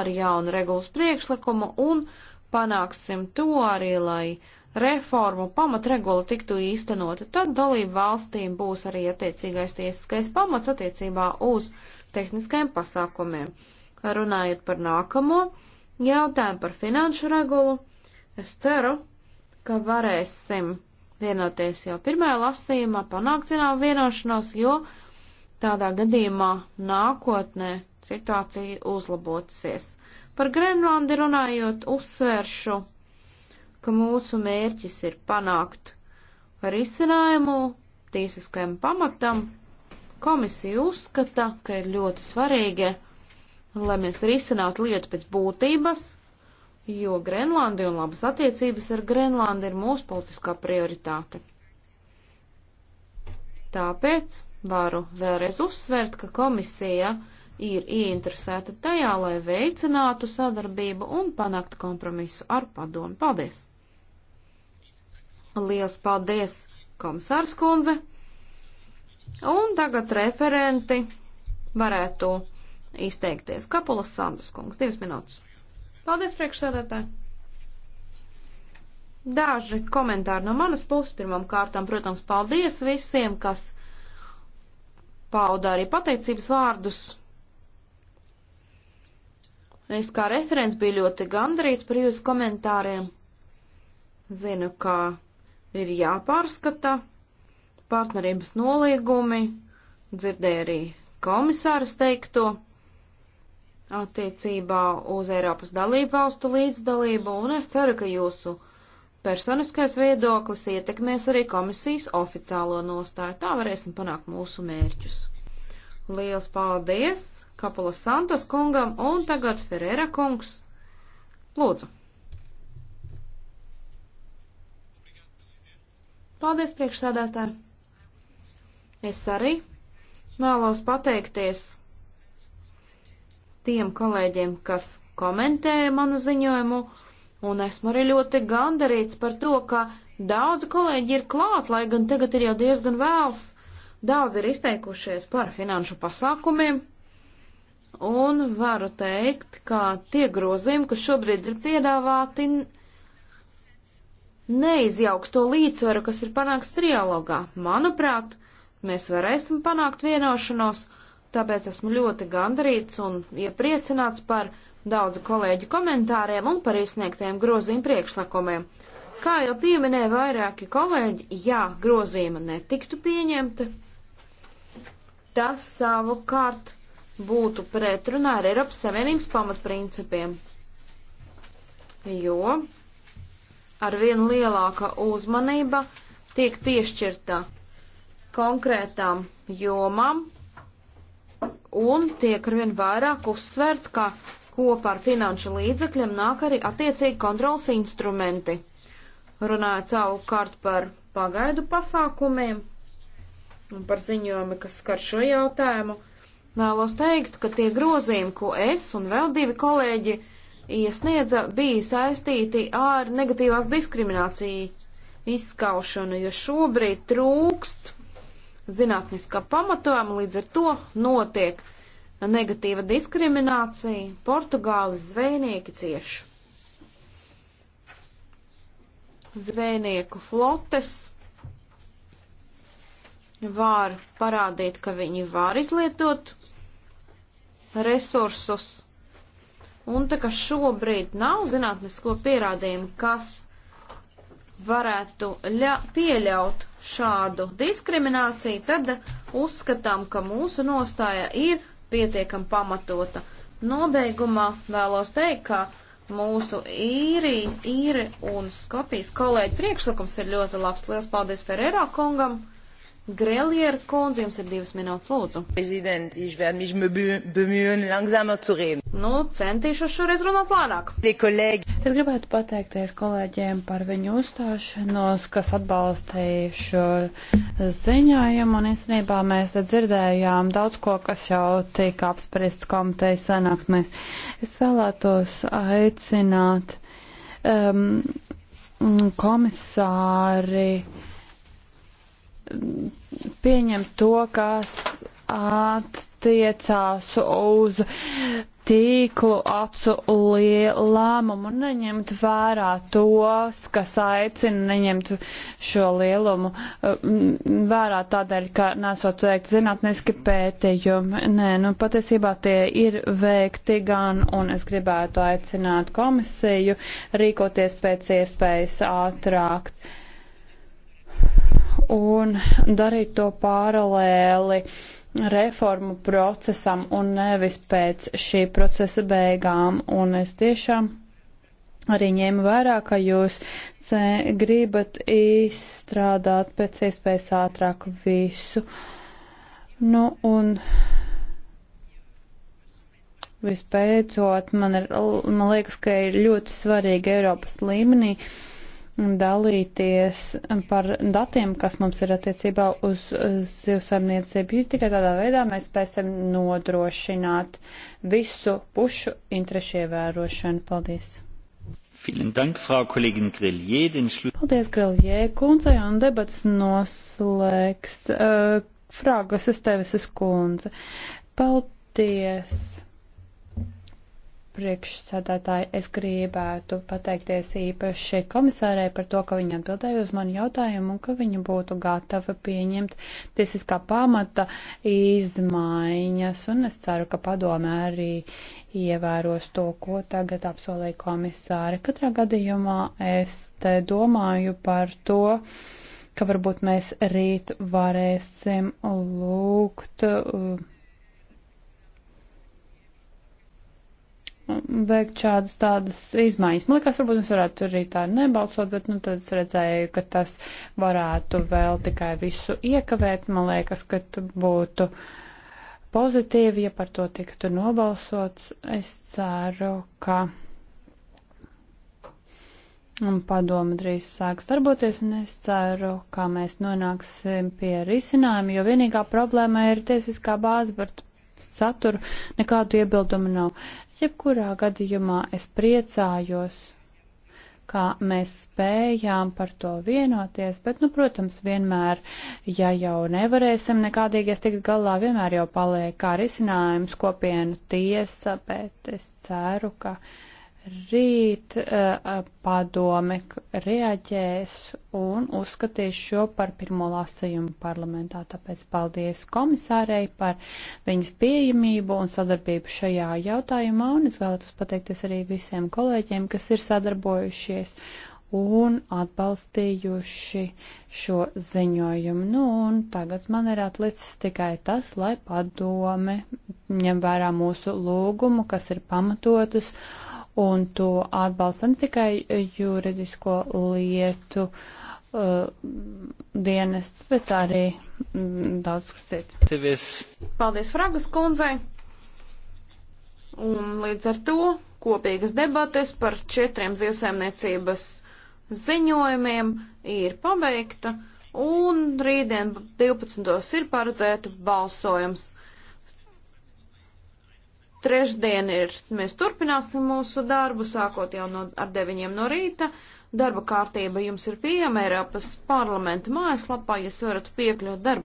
ar jaunu regulas priekšlikumu un panāksim to arī, lai reformu pamatregula tiktu īstenota, tad dalību valstīm būs arī attiecīgais tiesiskais pamats attiecībā uz tehniskajiem pasākumiem. Runājot par nākamo jautājumu par finanšu regulu, es ceru, ka varēsim vienoties jau pirmajā lasījumā, panākt zinām vienošanos, jo tādā gadījumā nākotnē situācija uzlabosies. Par Grenlandi runājot, uzsvēršu ka mūsu mērķis ir panākt risinājumu tiesiskajam pamatam. Komisija uzskata, ka ir ļoti svarīgi, lai mēs risinātu lietu pēc būtības, jo Grenlandi un labas attiecības ar Grenlandi ir mūsu politiskā prioritāte. Tāpēc varu vēlreiz uzsvērt, ka komisija ir ieinteresēta tajā, lai veicinātu sadarbību un panāktu kompromisu ar padomu. Paldies! Liels paldies, komisārs kundze. Un tagad referenti varētu izteikties. Kapulas Sandus kungs, divas minūtes. Paldies, priekšsēdētāji. Daži komentāri no manas puses. Pirmam kārtām, protams, paldies visiem, kas pauda arī pateicības vārdus. Es kā referents biju ļoti gandarīts par jūsu komentāriem. Zinu, ka ir jāpārskata partnerības nolīgumi, dzirdēja arī komisārus teikto attiecībā uz Eiropas dalību valstu līdzdalību, un es ceru, ka jūsu personiskais viedoklis ietekmēs arī komisijas oficiālo nostāju. Tā varēsim panākt mūsu mērķus. Liels paldies Kapula Santos kungam un tagad Ferēra kungs. Lūdzu! Paldies, priekšstādātāji! Es arī vēlos pateikties tiem kolēģiem, kas komentēja manu ziņojumu, un esmu arī ļoti gandarīts par to, ka daudzi kolēģi ir klāt, lai gan tagad ir jau diezgan vēls. Daudz ir izteikušies par finanšu pasākumiem, un varu teikt, ka tie grozījumi, kas šobrīd ir piedāvāti, neizjauks to līdzsvaru, kas ir panāks trialogā. Manuprāt, mēs varēsim panākt vienošanos, tāpēc esmu ļoti gandarīts un iepriecināts par daudzu kolēģu komentāriem un par izsniegtajiem grozījumu priekšlikumiem. Kā jau pieminēja vairāki kolēģi, ja grozījuma netiktu pieņemta, tas savukārt būtu pretrunā ar Eiropas Savienības pamatprincipiem. Jo ar vien lielāka uzmanība tiek piešķirta konkrētām jomām un tiek ar vien vairāk uzsvērts, ka kopā ar finanšu līdzekļiem nāk arī attiecīgi kontrols instrumenti. Runājot savukārt par pagaidu pasākumiem un par ziņojumi, kas skar šo jautājumu, vēlos teikt, ka tie grozījumi, ko es un vēl divi kolēģi iesniedza, bija saistīti ar negatīvās diskrimināciju izskaušanu, jo šobrīd trūkst zinātniskā pamatojuma, līdz ar to notiek negatīva diskriminācija, Portugāles zvejnieki cieši. Zvejnieku flotes var parādīt, ka viņi var izlietot resursus Un tā kā šobrīd nav zinātnisko pierādījumu, kas varētu ļa, pieļaut šādu diskrimināciju, tad uzskatām, ka mūsu nostāja ir pietiekam pamatota. Nobeigumā vēlos teikt, ka mūsu īri, īri un Skotijas kolēģi priekšlikums ir ļoti labs. Lielas paldies Ferrero kungam! Grelier kundze, jums ir divas minūtes, lūdzu. Prezident, ich werde mich bemühen, langsamer zu reden. Nu, centīšos šoreiz runāt lēnāk. Es gribētu pateikties kolēģiem par viņu uzstāšanos, kas atbalstīja šo ziņojumu, un īstenībā mēs dzirdējām daudz ko, kas jau tika apspriests komitejas sanāksmēs. Es vēlētos aicināt um, komisāri pieņemt to, kas attiecās uz tīklu apsu lēmumu un neņemt vērā tos, kas aicina neņemt šo lielumu vērā tādēļ, ka nesot veikt zinātniski pētījumi. Nē, nu patiesībā tie ir veikti gan, un es gribētu aicināt komisiju rīkoties pēc iespējas ātrāk un darīt to paralēli reformu procesam un nevis pēc šī procesa beigām. Un es tiešām arī ņēmu vērā, ka jūs gribat izstrādāt pēc iespējas ātrāk visu. Nu, un vispēcot, man, ir, man liekas, ka ir ļoti svarīgi Eiropas līmenī uh, dalīties par datiem, kas mums ir attiecībā uz zivsaimniecību. Tikai tādā veidā mēs spēsim nodrošināt visu pušu interešu ievērošanu. Paldies! Dank, Frau Paldies, Grelje kundzei, un debats noslēgs. Uh, eh, Frāgas, es tevis uz kundze. Paldies! priekšsādātāji, es gribētu pateikties īpaši komisārai par to, ka viņa atbildēja uz manu jautājumu un ka viņa būtu gatava pieņemt tiesiskā pamata izmaiņas. Un es ceru, ka padomē arī ievēros to, ko tagad apsolīja komisāra. Katrā gadījumā es te domāju par to, ka varbūt mēs rīt varēsim lūgt. Uh, veikt šādas tādas izmaiņas. Man liekas, varbūt mēs varētu tur arī tā nebalsot, bet, nu, tad es redzēju, ka tas varētu vēl tikai visu iekavēt. Man liekas, ka būtu pozitīvi, ja par to tiktu nobalsots. Es ceru, ka padoma drīz sāks darboties, un es ceru, ka mēs nonāksim pie risinājuma, jo vienīgā problēma ir tiesiskā bāze, bet saturu, nekādu iebildumu nav. Jebkurā gadījumā es priecājos, kā mēs spējām par to vienoties, bet, nu, protams, vienmēr, ja jau nevarēsim nekādīgies tikt galā, vienmēr jau paliek kā risinājums kopienu tiesa, bet es ceru, ka. Uh, Rīt uh, padome reaģēs un uzskatīs šo par pirmo lasījumu parlamentā, tāpēc paldies komisārei par viņas pieejamību un sadarbību šajā jautājumā, un es vēlētos pateikties arī visiem kolēģiem, kas ir sadarbojušies un atbalstījuši šo ziņojumu. Nu, un tagad man ir atlicis tikai tas, lai padome ņem vērā mūsu lūgumu, kas ir pamatotas un to atbalsta ne tikai juridisko lietu uh, dienests, bet arī mm, daudz kas cits. Tevies. Paldies Fragas kundzei! Un līdz ar to kopīgas debates par četriem ziesēmniecības ziņojumiem ir pabeigta, un rītdien 12. ir paredzēta balsojums. Trešdien ir, mēs turpināsim mūsu darbu, sākot jau no, ar deviņiem no rīta. Darba kārtība jums ir pieejama Eiropas parlamenta mājaslapā, ja varat piekļūt darbu.